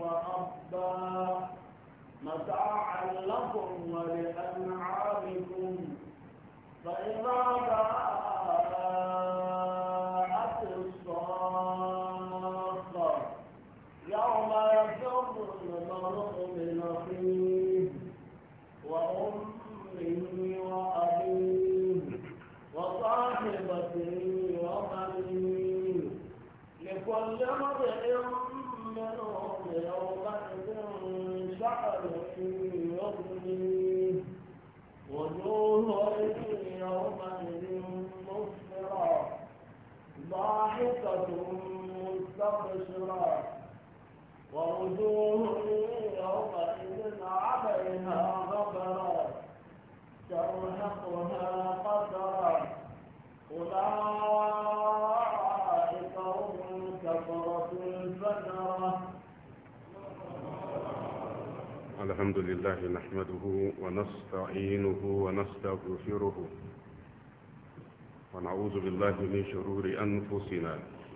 وأبا متاعا لكم ولأنعامكم فإذا بقى مستبشرة ووجوه يومئذ عليها غبرة ترهقها قترة أولئك هم كفرة الفجرة الحمد لله نحمده ونستعينه ونستغفره ونعوذ بالله من شرور أنفسنا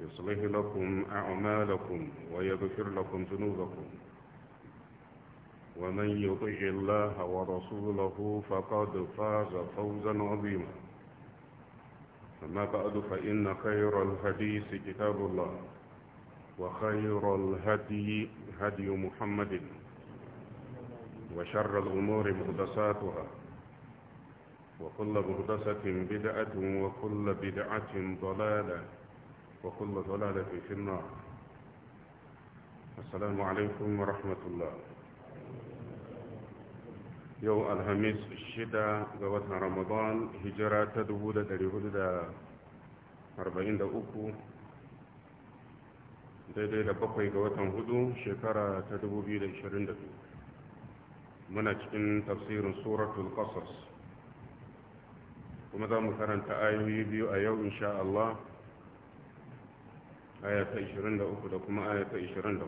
يصلح لكم أعمالكم ويغفر لكم ذنوبكم ومن يطع الله ورسوله فقد فاز فوزا عظيما أما بعد فإن خير الحديث كتاب الله وخير الهدي هدي محمد وشر الأمور مهدساتها وكل مهدسة بدعة وكل بدعة ضلالة وكل ضلالة في النار السلام عليكم ورحمة الله يوم الخميس الشدة قوات رمضان هجرة تدبودة لهدى أربعين دا أكو daidai da bakwai ga watan hudu shekara ta 2022 muna cikin tafsirin suratul qasas kuma za mu karanta ayoyi biyu a yau insha Allah ayata 23 da kuma ayata 24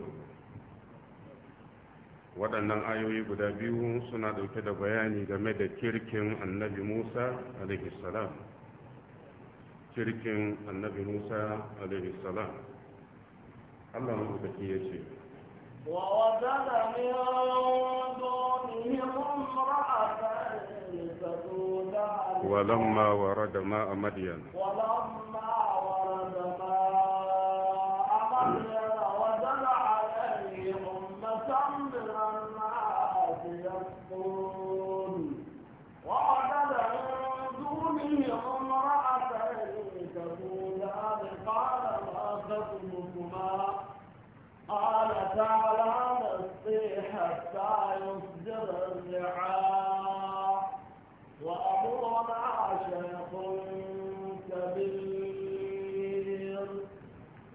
waɗannan ayoyi guda biyu suna ɗauke da bayani game da kirkin annabi musa alaihissalam kirkin annabi musa alaihissalam allah mabuɗaƙi ya ce ووجد من دونهم امرأتين تسودان ولما ورد ماء مدين ولما Amen.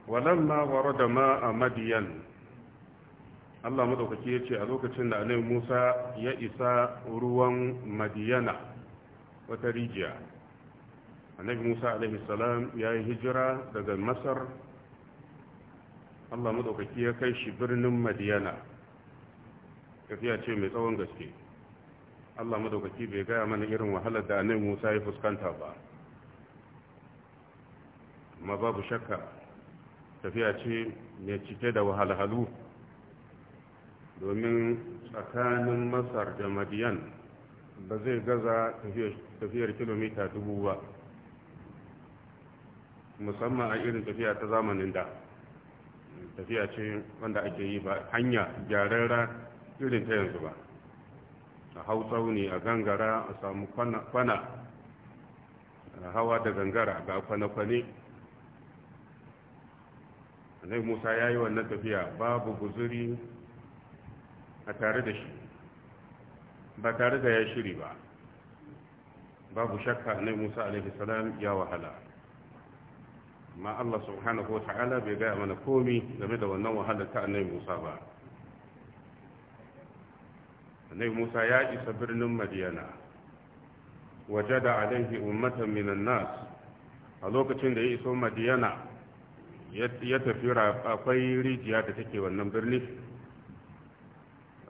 walamma warada ma a madiyan Allah madaukaki ya ce a lokacin da annabi Musa ya isa ruwan Madiyana wata rijiya annabi Musa alaihi salam ya yi hijira daga Masar Allah madaukaki ya kai shi birnin Madiyana tafiya ce mai tsawon gaske Allah madaukaki bai gaya mana irin wahalar da annabi Musa ya fuskanta ba amma babu shakka tafiya ce mai cike da wahalhalu domin tsakanin masar da madiyan ba zai gaza tafiyar kilomita dubu ba musamman a irin tafiya ta zamanin da tafiya ce wanda ake yi ba hanya gyararra irin ta yanzu ba a hau tsauni a gangara a samu kwana hawa da gangara ga kwana kwane annabi musa ya yi wannan tafiya babu guzuri a tare da shi ba tare da ya shiri ba babu shakka annabi musa alaihi ya wahala amma allah subhanahu wa ta'ala bai gaya mana komi game da wannan wahalar ta annabi musa ba annabi musa ya isa birnin madiyana wajada alaihi ummatan minan nas a lokacin da ya iso madiyana ya tafi akwai rijiya da take wannan birni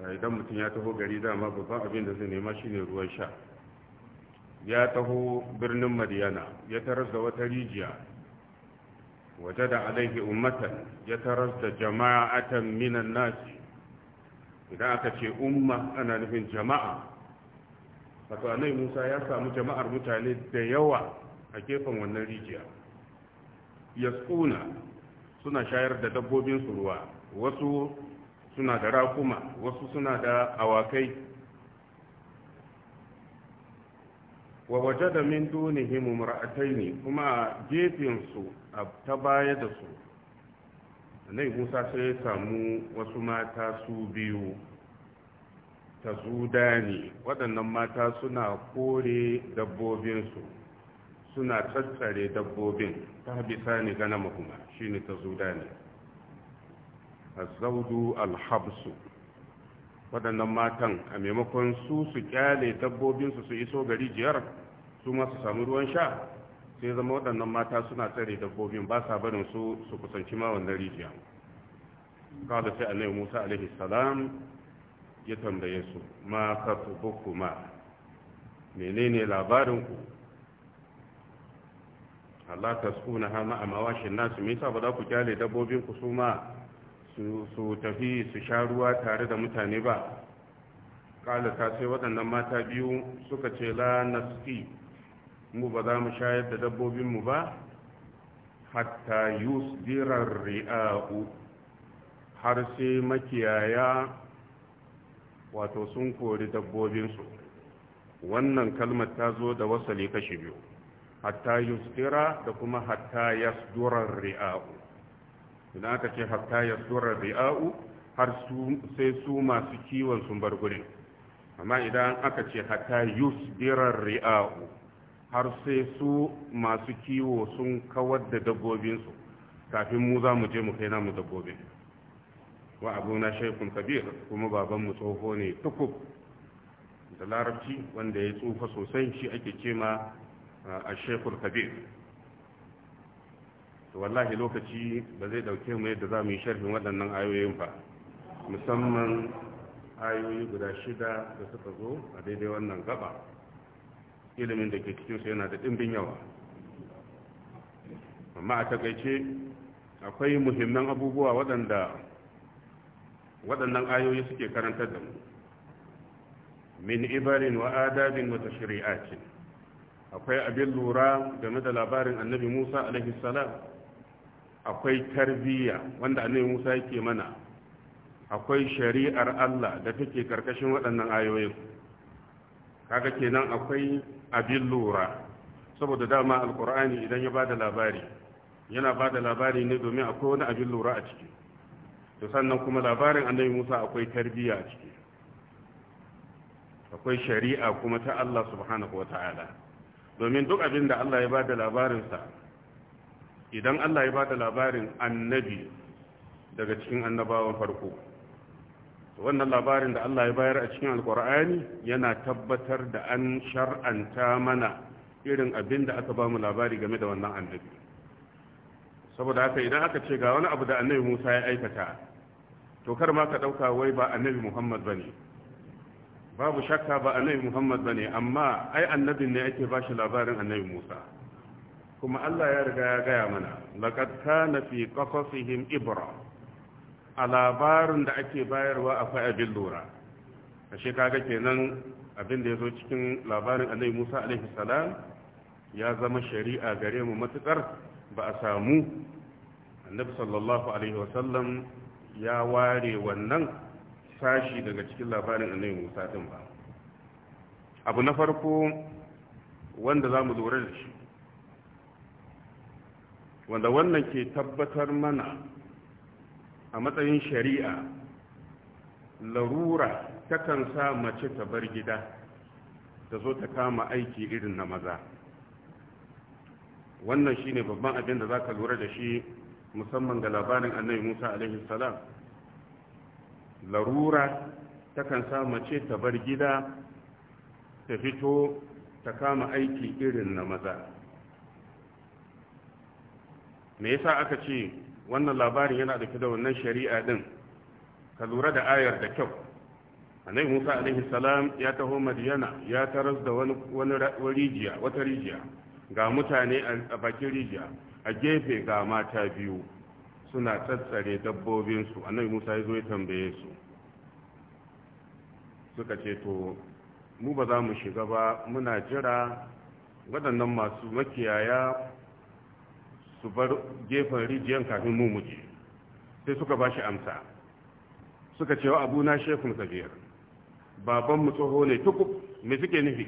eh, idan mutum ya taho gari dama babban abin da zai nema shine ruwan sha ya taho birnin madiyana ya taras da wata rijiya waje da alaihi ummatan ya taras da jama'atan minan nasi idan aka ce umma ana nufin jama'a wato anai musa ya samu jama'ar mutane da yawa a gefen wannan rijiya yasquna suna shayar da dabbobin su ruwa wasu suna da rakuma wasu suna da awakai wa da min dunihim ne kuma gefin su ta baya da su nai Musa sai ya samu wasu mata su biyu ta zudani waɗannan mata suna kore dabbobinsu suna tattare dabbobin ta bisa ne gana mahuma shi ne ta zuda ne a zaudu alhabsu waɗannan matan a maimakon su su kyale dabbobinsu su iso gari jiyar su masu samu ruwan sha sai zama waɗannan mata suna tsare dabbobin ba sa barin su su kusanci ma wannan rijiya kada sai annabi Musa alaihi salam ya tambaye su ma katubukuma menene labarin ku su na hama a mawashin nasu me yasa ba za ku kyale dabbobin ku su ma su tafi su sha ruwa tare da mutane ba ta sai waɗannan mata biyu suka ce la naski mu ba za mu shayar da dabbobinmu ba hatta dirar ri'a'u har sai makiyaya wato sun kori dabbobinsu wannan kalmar ta zo da wasali kashi biyu hatta yusdira da kuma hatta yasdurar ri'a'u idan aka ce hatta yasdurar ri'a'u har sai su masu kiwon sun bar gurin amma idan aka ce hatta yusdirar ri'a'u har sai su masu kiwo sun kawar da dabbobinsu kafin mu za mu je mu kai namu dabbobin wa abuna shaikun kabir kuma babanmu tsoho ne tukub da larabci wanda ya tsufa sosai shi ake ce ma a shekul to wallahi lokaci ba zai dauke mu yadda za mu yi sharhin waɗannan ayoyin ba musamman ayoyi guda shida da suka zo a daidai wannan gaba ilimin da ke cikinsu yana da ɗimbin yawa amma a takaice akwai muhimman abubuwa waɗanda waɗannan ayoyi suke karantar da mu min ibarin wa adabin wa tashri'atin akwai abin lura game da labarin annabi musa alaihissalam akwai tarbiyya wanda annabi musa yake mana akwai shari'ar allah da take karkashin waɗannan ayoyin kaga kenan akwai abin lura saboda dama alkur'ani idan ya bada labari yana bada labari ne domin akwai wani abin lura a ciki to sannan kuma labarin annabi musa akwai tarbiyya a ciki akwai shari'a kuma ta allah subhanahu wa ta'ala domin duk abin da Allah ya ba da labarinsa idan Allah ya ba da labarin annabi daga cikin annabawan farko wannan labarin da Allah ya bayar a cikin alkur'ani yana tabbatar da an shar'anta mana irin abin da aka ba mu labari game da wannan annabi saboda haka idan aka ce ga wani abu da annabi musa ya aikata to kar ma ka ɗauka wai ba annabi muhammad ba ne babu shakka ba annabi muhammad ba ne amma ai annabin ne ake ba shi labarin annabi musa kuma allah ya riga ya gaya mana laƙad kana fi ƙasasihim ibra a labarin da ake bayarwa akwai abin lura a shekaga kenan abin da ya zo cikin labarin annabi musa alaihi salam ya zama shari'a gare mu matukar ba a samu annabi sallallahu alaihi wasallam ya ware wannan sashi daga cikin labarin annabi musa din ba abu na farko wanda za mu lura da shi wanda wannan ke tabbatar mana a matsayin shari'a larura takan sa mace ta bar gida ta zo ta kama aiki irin na maza wannan shine babban abin da za ka lura da shi musamman ga labarin annabi musa alaihi salam larura takan sa mace ta bar gida ta fito ta kama aiki irin na maza me yasa aka ce wannan labarin yana da da wannan shari'a din ka lura da ayar da kyau annabi Musa alaihi salam ya taho Madiyana ya taras da wani wani rijiya wata rijiya ga mutane a bakin rijiya a gefe ga mata biyu suna tattare dabbobinsu annabi musa ya zo ya tambaye su suka ce to mu ba za mu shiga ba muna jira waɗannan masu makiyaya su bar gefen rijiyar kafin mu muje sai suka ba shi amsa suka cewa abu na shekun kabir baban mu tsoho ne tuku me suke nufi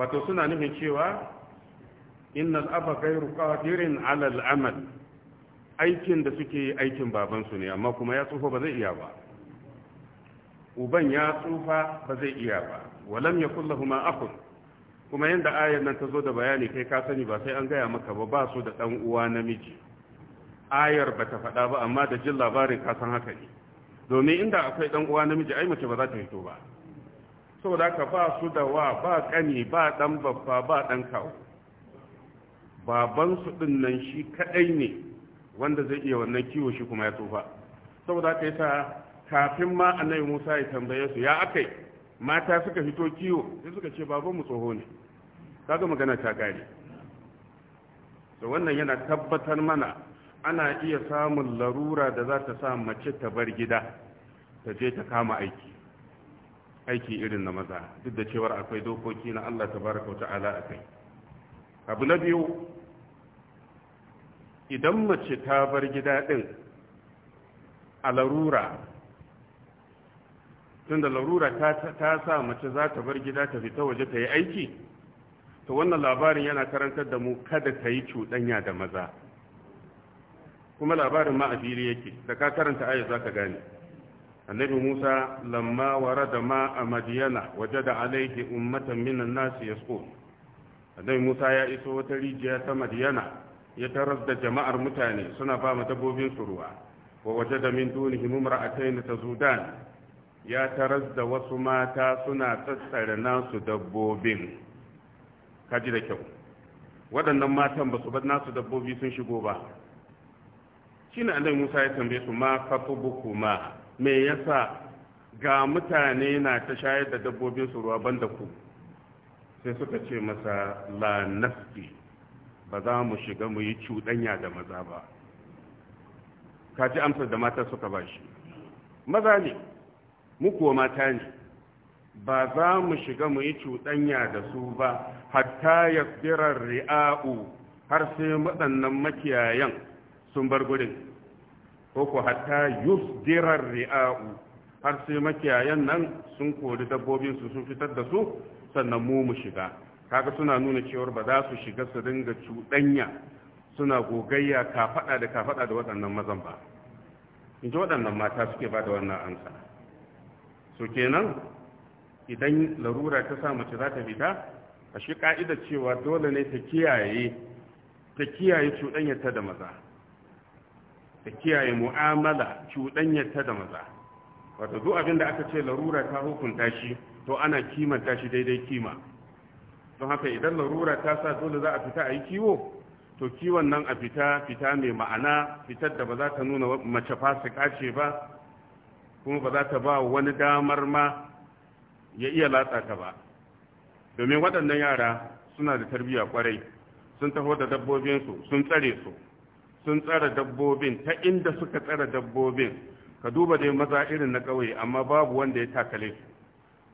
wato suna nufin cewa innal aba gairu qadirin ala al amal aikin da suke aikin babansu ne amma kuma ya tsufa ba zai iya ba uban ya tsufa ba zai iya ba walam ya kuma akun kuma yadda ayar nan ta zo da bayani kai ka sani ba sai an gaya maka ba ba su da ɗan uwa namiji ayar ba ta faɗa ba amma da jin labarin kasan haka ne domin inda akwai ɗan uwa namiji ai mace ba za ta fito ba saboda ba su da wa ba ƙani ba ɗan babba ba ɗan kawo babansu ɗin nan shi kaɗai ne wanda zai iya wannan kiwo shi kuma ya tsufa saboda haka yasa kafin ma annabi Musa ya tambaye su ya akai mata suka fito kiwo sai suka ce baban mu tsoho ne kaga magana ta gane to wannan yana tabbatar mana ana iya samun larura da za ta sa mace ta bar gida ta je ta kama aiki aiki irin na maza duk da cewar akwai dokoki na Allah tabaraka wa ta'ala akai abu na biyu idan mace ta bar gida ɗin a larura tunda larura ta sa mace za ta bar gida ta fita waje ta yi aiki to wannan labarin yana karantar da mu kada ta yi cuɗanya da maza kuma labarin ma yake da ka karanta aya za ka gane annabi musa lamma warada ma a madiyana waje da alaihi ummatan minan nasu ya annabi musa ya iso wata rijiya ta madiyana ya taras da jama'ar mutane suna ba mu dabbobin su ruwa wa waje da min dunihim imra'atayn tazudan ya taras da wasu mata suna tsatsare nasu dabbobin kaji da kyau waɗannan matan ba su bar nasu dabbobi sun shigo ba Shi ne annabi Musa ya tambaye su ma fatubukuma me yasa ga mutane na ta shayar da dabbobin su ruwa banda ku sai suka ce masa la nafsi ba za mu shiga mu yi cuɗanya da maza ba ka ji amsar da mata suka ba shi maza ne muku kuwa mata ne ba za mu shiga mu yi cuɗanya da su ba hatta ya ri'a'u har sai matsannan makiyayan sun bar gudun ko ku hatta yusdirar ri'a'u har sai makiyayan nan sun kori dabbobinsu sun fitar da su sannan mu mu shiga kaga suna nuna cewar ba za su shiga su ringa cuɗanya suna gogayya kafaɗa da kafaɗa da waɗannan mazan ba in ji waɗannan mata suke ba da wannan ansa so kenan idan larura ta sa mace za ta fita a shi ka'ida cewa dole ne ta kiyaye ta kiyaye cuɗanyarta da maza ta kiyaye mu'amala cuɗanyarta da maza wato duk abin da aka ce larura ta hukunta shi to ana kimanta shi daidai kima don haka idan larura ta sa dole za a fita a yi kiwo to kiwon nan a fita fita mai ma'ana fitar da ba za ta nuna mace fasika ce ba kuma ba za ta ba wani damar ma ya iya latsa ta ba domin waɗannan yara suna da tarbiyya kwarai sun taho da dabbobinsu sun tsare su sun tsara dabbobin ta inda suka tsara dabbobin ka duba dai maza irin na ƙauye amma babu wanda ya takale su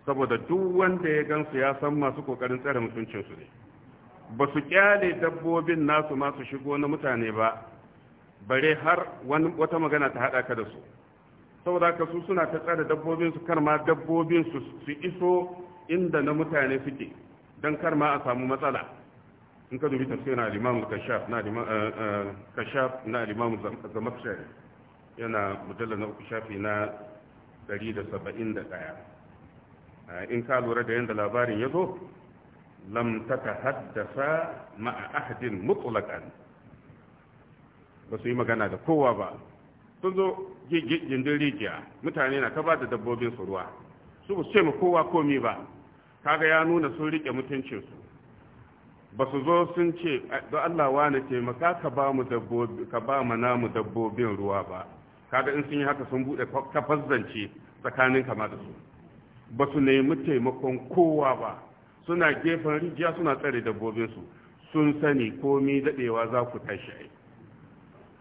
saboda duk wanda ya gansu ya san masu kokarin tsare mutuncinsu ne ba su kyale dabbobin nasu masu shigo na mutane ba bare har wata magana ta hada ka da su saboda ka su suna ta tsare su kar ma dabbobin su su iso inda na mutane suke don kar ma a samu matsala in ka dubi tafsirin al-imam kashaf na eh, eh, kashaf na al-imam zamakshari yana mujallal na uku shafi na 171 Eh, in ka lura da yadda labarin ya zo lam ta haddasa ma'a ahadin mutlaqan ba su yi magana da kowa ba sun zo gindin rijiya mutane na ta ba da dabbobin su ruwa su ba su ce ma kowa komi ba kaga ya nuna sun rike mutuncinsu ba su zo sun ce eh, don Allah wani taimaka ka ba mu dabbobi ka ba mu namu dabbobin ruwa ba kaga in sun yi haka sun bude kafazzanci tsakanin kama da su ba su nemi taimakon kowa ba suna gefen rijiya suna tsare dabbobinsu sun sani komi daɗewa za ku tashi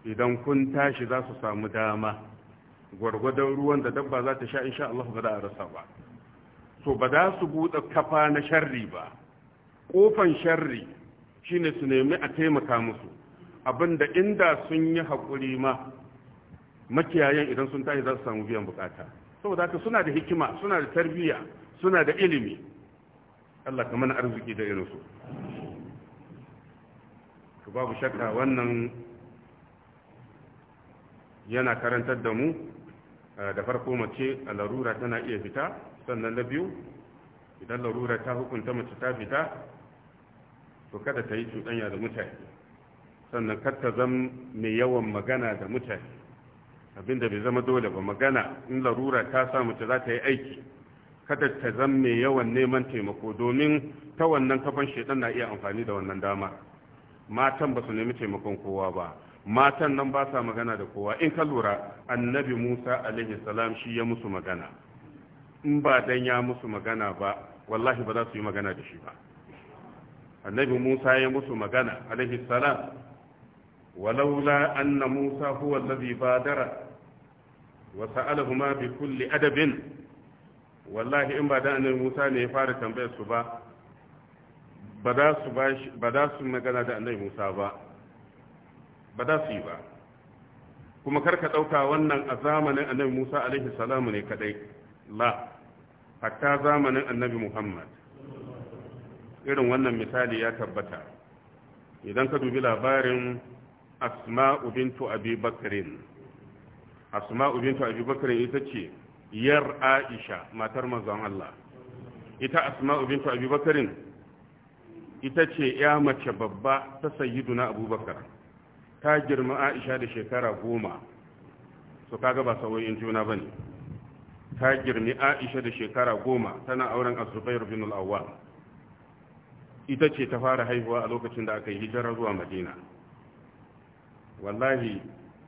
idan kun tashi za su samu dama gwargwadon ruwan da dabba za ta sha insha Allah ba za a rasa ba to ba za su buɗe kafa na sharri ba ƙofan sharri shine su nemi a taimaka musu abinda inda sun yi haƙuri ma makiyayen idan sun tashi za su samu biyan buƙata. saboda haka suna da hikima suna da tarbiyya suna da ilimi Allah ka mana arziki da irin su to babu shakka wannan yana karantar da mu da farko mace a larura tana iya fita sannan na biyu idan larura ta hukunta mace ta fita to kada ta yi cuɗanya da mutane sannan kar ta zama mai yawan magana da mutane abinda bai zama dole ba magana in larura ta sa mutu za ta yi aiki kada ta zamme yawan neman taimako domin ta wannan kafan shaidan na iya amfani da wannan dama matan ba su nemi taimakon kowa ba matan nan ba sa magana da kowa in ka lura annabi musa alaihi salam shi ya musu magana in ba dan ya musu magana ba wallahi ba za su yi magana da shi ba annabi musa ya musu magana alaihi salam walaula anna musa huwa alladhi badara Wasu sa'alahuma bi kulli adabin wallahi in ba da Musa ne ya fara tambayar su ba ba da su magana da annabi Musa ba ba da su yi ba kuma karka ɗauka wannan a zamanin annabi Musa alaihi salamu ne kadai la hatta zamanin annabi Muhammad irin wannan misali ya tabbata idan ka dubi labarin asma'u bintu abi bakrin asma'u bintu abi ita ce yar aisha matar manzon Allah ita asma'u bintu abi ita ce ya mace babba ta sayyiduna abubakar ta girma aisha da shekara goma su kaga ba in juna ba ne ta girmi aisha da shekara goma tana auren azubair bin al'awwa ita ce ta fara haihuwa a lokacin da aka yi hijira zuwa madina wallahi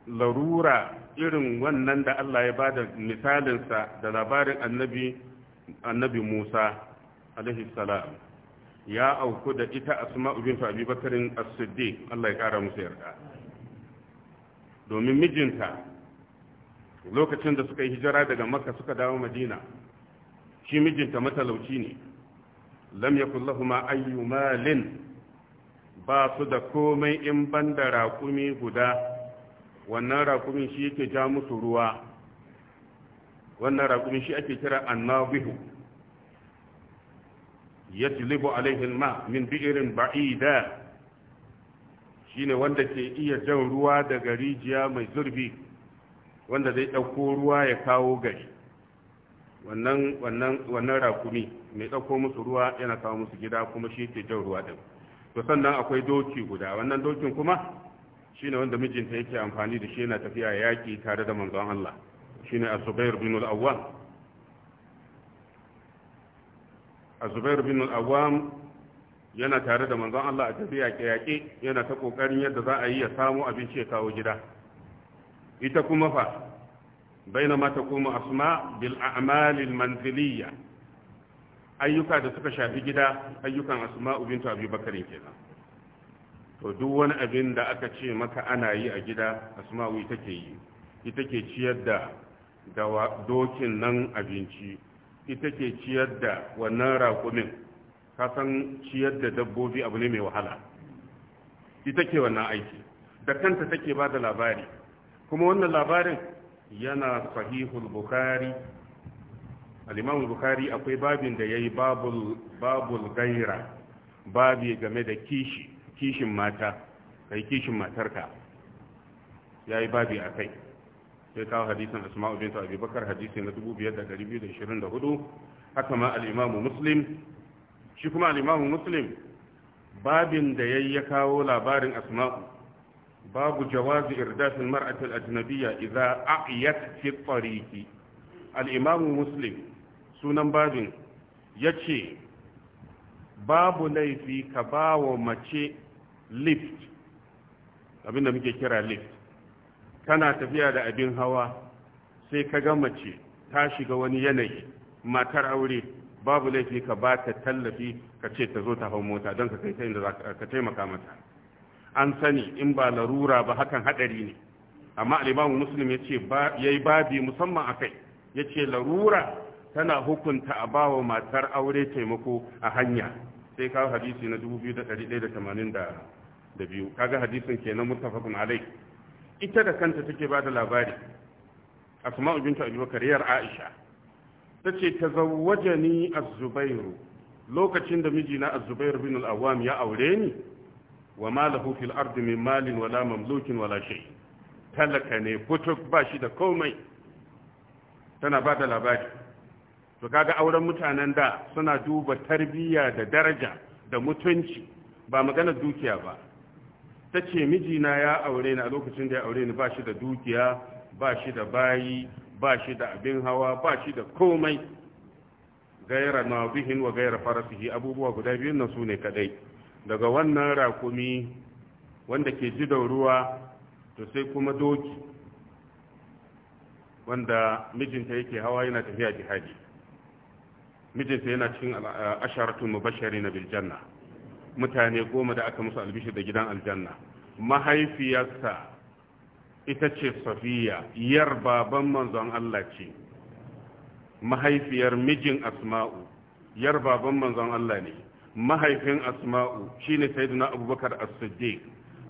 larura irin wannan da Allah ya bada misalinsa da labarin annabi annabi Musa alaihi salam ya auku da ita Asma'u bint Abi bakarin as-Siddiq Allah ya kara musu yarda domin mijinta lokacin da suka yi hijira daga Makka suka dawo Madina shi mijinta matalauci ne lam yakul lahumu ayyu malin ba su da komai in banda raƙumi guda wannan rakumin shi yake ja musu ruwa wannan rakumin shi ake kira annabihu ya tilibu alaihin ma min bi'irin ba'ida shi ne wanda ke iya jan ruwa daga rijiya mai zurfi wanda zai ɗauko ruwa ya kawo gari wannan rakumi mai ɗauko musu ruwa yana kawo musu gida kuma shi yake jan ruwa din to sannan akwai doki guda wannan dokin kuma shine wanda mijinta yake amfani da shi yana tafiya yaƙi tare da manzon Allah shine az bin al-awwam az bin al-awwam yana tare da manzon Allah a tafiya yaƙe yana ta kokarin yadda za a yi ya samu abinci ya kawo gida ita kuma fa bainama taqumu asma bil a'mal al-manziliyya ayyuka da suka shafi gida ayyukan asma'u bintu abi kenan to duk wani abin da aka ce maka ana yi a gida asma'u take yi ita ke ciyar da dokin nan abinci ita ke ciyar da wannan raƙumin kasan ciyar da dabbobi abu ne mai wahala ita ke wannan aiki da kanta take ba da labari kuma wannan labarin yana sahihul bukari al'imamul bukari akwai babin da ya yi babul gaira babi game da kishi kishin mata kai kishin matarka ya yi babi a kai sai kawo hadisin asma'u bin abi bakar hadisi na 2224 haka ma al'imamu muslim shi kuma al'imamu muslim babin da ya ya kawo labarin asma'u babu jawazi irdafin mar'atul ajnabiyya idza a'yat fi tariqi al'imamu muslim sunan babin yace babu laifi ka bawo mace lift abinda muke kira lift tana tafiya da abin hawa sai ka ga mace ta shiga wani yanayi matar aure babu laifi ka ba ta tallafi ka ce ta zo ta hau mota don ka kai ta inda ka taimaka mata an sani in ba larura ba hakan hadari ne amma alimamu muslim ya ce ya yi babi musamman a kai ya ce larura tana hukunta a ba wa matar aure taimako a hanya sai kawo hadisi na 2180 da biyu kaga hadisin kenan muttafaqun alai ita da kanta take ba da labari asma'u abu bakar yar aisha tace tazawwajani az-zubair lokacin da mijina az-zubair bin al-awwam ya aure ni wa malahu fil ard min malin wala mamlukin wala shay talaka ne kutuk ba da komai tana ba da labari to kaga auren mutanen da suna duba tarbiyya da daraja da mutunci ba magana dukiya ba ta ce mijina ya aure ni a lokacin da ya aure ni ba shi da dukiya ba shi da bayi ba shi da abin hawa ba shi da komai gaira bihin wa gaira farafihi abubuwa guda biyun nan su ne kadai daga wannan rakumi wanda ke ji da ruwa to sai kuma doki wanda mijinta yake hawa yana tafiya jihadi mijinta yana cikin asharatul mubashirin na biljanna. mutane goma da aka musu albishir da gidan aljanna mahaifiyarsa ita ce safiya yar baban manzon Allah ce mahaifiyar mijin asma'u yar baban manzon Allah ne mahaifin asma'u shine sayyiduna abubakar as-siddiq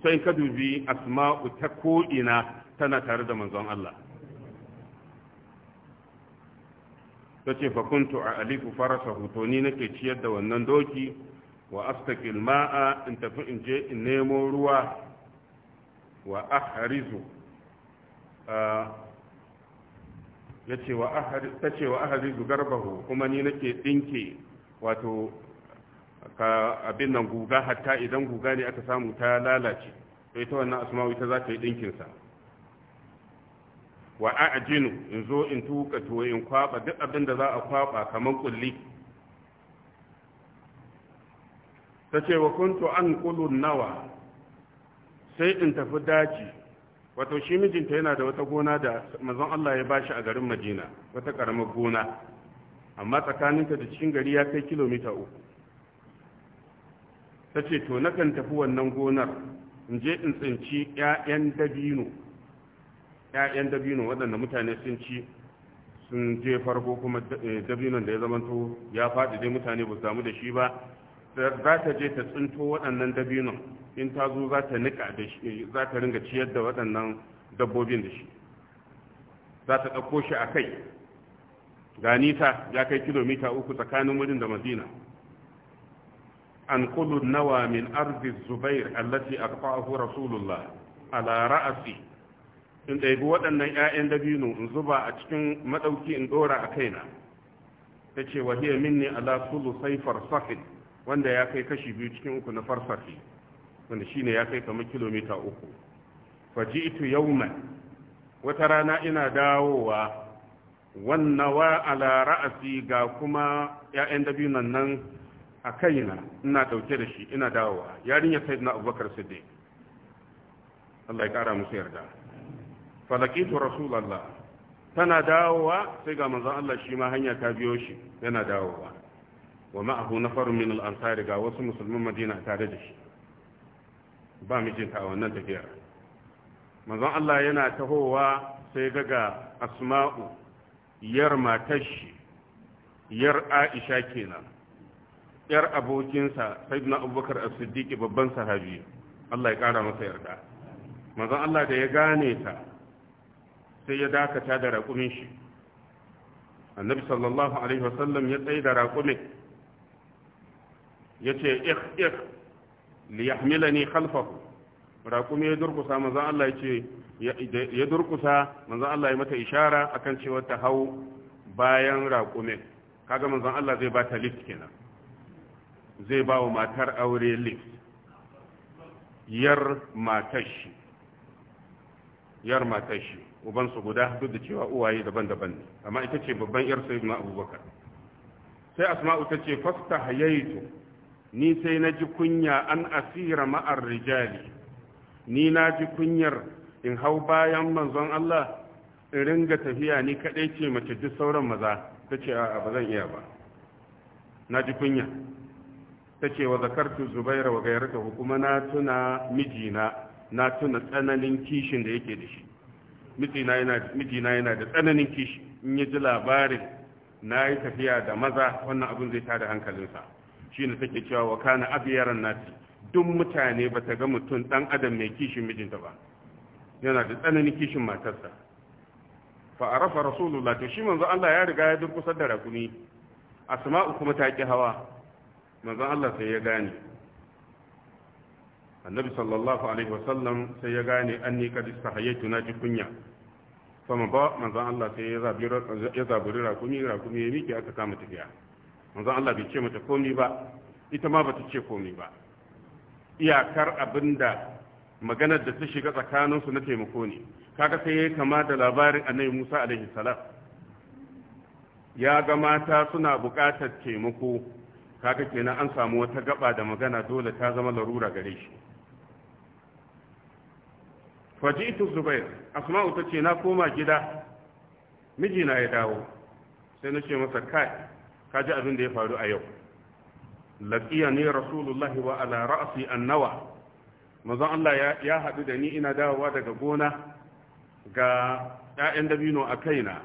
sai ka dubi asma'u ta ko'ina tana tare da manzon Allah ta ce fakuntu a alifu farasa ni nake ciyar da wannan doki wa astaqil ma'a in tafi in je in nemo ruwa wa ahrizu yace wa wa ahrizu garbahu kuma ni nake dinke wato ka abin nan guga hatta idan guga ne aka samu ta lalace to ita wannan asma'u ta za ta yi dinkin sa wa a'jinu in zo in tuka to in kwaba duk abin da za a kwaba kaman kulli ta ce wa kuntu an kulun nawa sai in tafi daji wato shi mijinta yana da wata gona da mazan Allah ya bashi a garin Madina wata karamar gona amma tsakaninta da cikin gari ya kai kilomita uku ta ce to nakan tafi wannan gonar in je in tsinci 'ya'yan dabino 'ya'yan dabino waɗanda mutane sun ci sun je farko kuma eh, dabinon da ya zamanto ya faɗi dai mutane ba su samu da shi ba za ta je ta tsinto waɗannan dabinon in ta zo za ta niƙa da shi eh, za ta ringa ciyar da waɗannan dabbobin da shi za ta ɗauko shi a kai ga nisa ya kai kilomita uku tsakanin wurin da madina an kudu nawa min arzi zubair allati arfa'ahu rasulullah ala ra'asi in ɗaibi waɗannan 'ya'yan dabino in zuba a cikin madauki in ɗora a kaina ta ce wa hiya minni ala sulusai farsahin wanda ya kai kashi biyu cikin uku na farfafi wanda shine ya kai kamar kilomita uku yau mai. wata rana ina dawowa wannawa ala ra'asi ga kuma ya'yan dabinan nan a kaina ina dauke da shi ina dawowa sai na abubakar siddiq Allah ya kara musu yarda falakitu rasulullah tana dawowa sai ga manzon Allah shi ma hanya ta biyo shi yana dawowa wa ma'ahu nafarun min al ga wasu musulman madina tare da shi ba mijinta a wannan tafiyar manzon Allah yana tahowa sai daga asma'u yar matashi, yar Aisha kenan yar abokinsa sayyidina Abubakar as-Siddiq babban sahabi Allah ya kara masa yarda manzon Allah da ya gane ta sai ya dakata da raƙumin shi annabi sallallahu alaihi wasallam ya tsaye da raƙumin yace ik ik li yahmilani khalfahu raƙumi ya durkusa manzon Allah ce ya durkusa manzon Allah ya mata ishara akan cewa ta hau bayan raƙumin kaga manzon Allah zai ba ta lift kenan zai ba wa matar aure lift yar matashi yar matashi ubansu guda duk da cewa uwaye daban-daban ne amma ita ce babban yar sayyidina abubakar sai asma'u ta ce fasta hayaitu ni sai na ji kunya an asira ma'ar rijali ni na ji kunyar in hau bayan manzon Allah in ringa tafiya ni kadai ce mace duk sauran maza ta ce a'a ba zan iya ba na ji kunya ta ce wa zakartu zubaira wa gairata kuma na tuna mijina na tuna tsananin kishin da yake da shi mijina yana da tsananin kishi in ya ji labarin na yi tafiya da maza wannan abin zai tada hankalinsa shine take cewa wa kana abiyaran nasi duk mutane ba ta ga mutum dan adam mai kishin mijinta ba yana da tsananin kishin matarsa fa arafa rasulullah to shi manzo Allah ya riga ya durkusa da rakuni asma'u kuma ta ki hawa manzo Allah sai ya gane annabi sallallahu alaihi wasallam sai ya gane anni kad istahaytu na ji kunya fa ba manzo Allah sai ya zaburi rakuni rakuni ya miki aka kama tafiya manzon Allah bai ce mata komi ba ita ma bata ce komi ba iyakar abin da maganar da ta shiga tsakaninsu na taimako ne kaga sai yi kama da labarin annabi Musa alaihi salam ya ga mata suna buƙatar taimako kaga kenan an samu wata gaba da magana dole ta zama larura gare shi fajitu zubair asma'u tace na koma gida mijina ya dawo sai na ce masa kai kaji abin da ya faru a yau laqiya ne rasulullah wa ala ra'si annawa manzon Allah ya haɗu da ni ina dawowa daga gona ga 'ya'yan dabino a kaina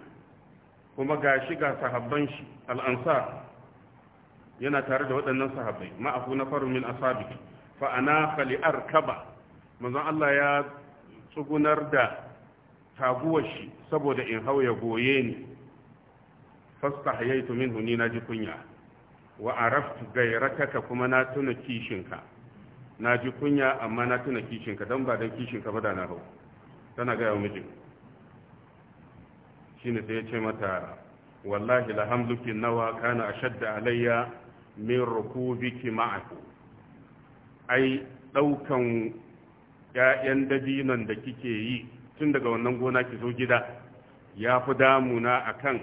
kuma ga shiga ga sahabban shi al'ansar yana tare da waɗannan sahabbai ma'afu na faru min asabi fa ana khali arkaba manzon Allah ya tsugunar da taguwar shi saboda in hau ya goye ni fastahyaitu minhu ni naji kunya wa araftu ka kuma na tuna kishinka naji kunya amma na tuna kishinka dan ba dan kishinka ba da na hau tana ga mijin shine sai ya ce mata wallahi la hamduki nawa kana ashadda alayya min rukubiki ma'aku ai daukan ƴaƴan dabinon da kike yi tun daga wannan gona ki zo gida ya fi damuna akan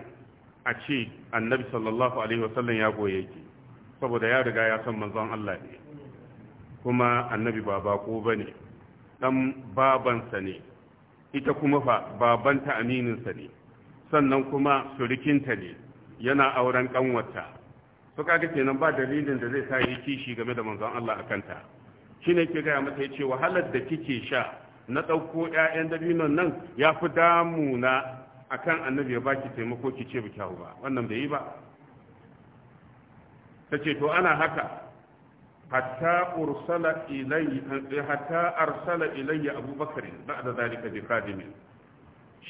a ce annabi sallallahu alaihi wasallam ya goye ki saboda ya riga ya san manzon Allah ne kuma annabi ba bako bane dan babansa ne ita kuma fa babanta amininsa ne sannan kuma surikinta ne yana auren kanwata su kaga kenan ba dalilin da zai sa yi kishi game da manzon Allah a kanta shine ke gaya mata yace wahalar da kike sha na ɗauko 'ya'yan dabinon nan ya fi damuna akan annabi ya baki taimako ki ce biki hau ba wannan bai yi ba tace to ana haka hatta ursala ilayya eh, hatta arsala ilayya abubakar ba'da zalika bi khadimin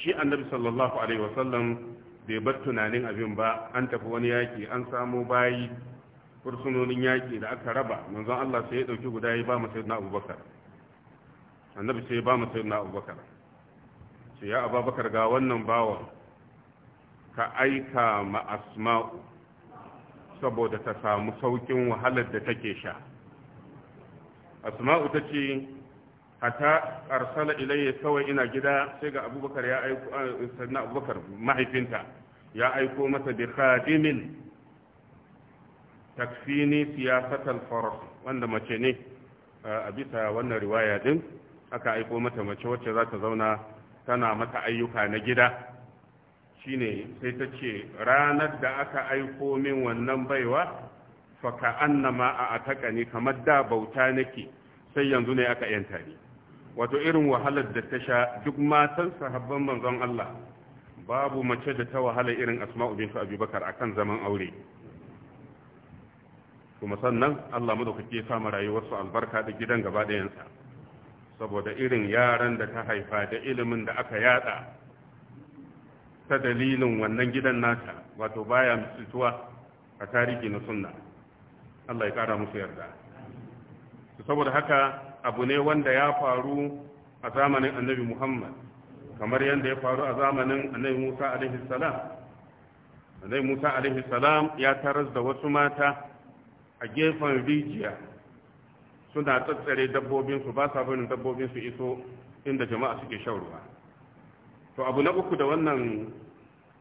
shi annabi sallallahu alaihi wasallam bai bar tunanin abin ba an tafi wani yaki an samo bayi fursunonin yaki da aka raba manzon Allah sai ya dauki guda ya ba mu sayyidina abubakar annabi sai ya ba mu sayyidina abubakar ce ya ababakar ga wannan bawan ka aika ma asma'u saboda ta samu saukin wahalar da take sha asma'u ta ce hata arsala ilayya kawai ina gida sai ga abubakar ya aiko sannan abubakar mahaifinta ya aiko masa bi khadimin takfini siyasatal faras wanda mace ne a bisa wannan riwaya din aka aiko mata mace wacce za ta zauna tana mata ayyuka na gida shine sai ta ce ranar da aka aiko min wannan baiwa faka annama a ataka ne kamar da bauta nake sai yanzu ne aka yanta ni wato irin wahalar da ta sha duk matan sahabban manzon Allah babu mace da ta wahala irin asma'u bintu abubakar akan zaman aure kuma sannan Allah madaukake ya sa rayuwarsu albarka da gidan gaba ɗayansa saboda irin yaran da ta haifa da ilimin da aka yada ta dalilin wannan gidan nata wato baya misituwa a tarihi na sunna Allah ya kara musu yarda saboda haka abu ne wanda ya faru a zamanin annabi Muhammad kamar yadda ya faru a zamanin annabi Musa alaihi salam annabi Musa alaihi salam ya taras da wasu mata a gefen rijiya suna tsatsare dabbobinsu ba sa barin dabbobinsu iso inda jama'a suke shan ruwa to abu na uku da wannan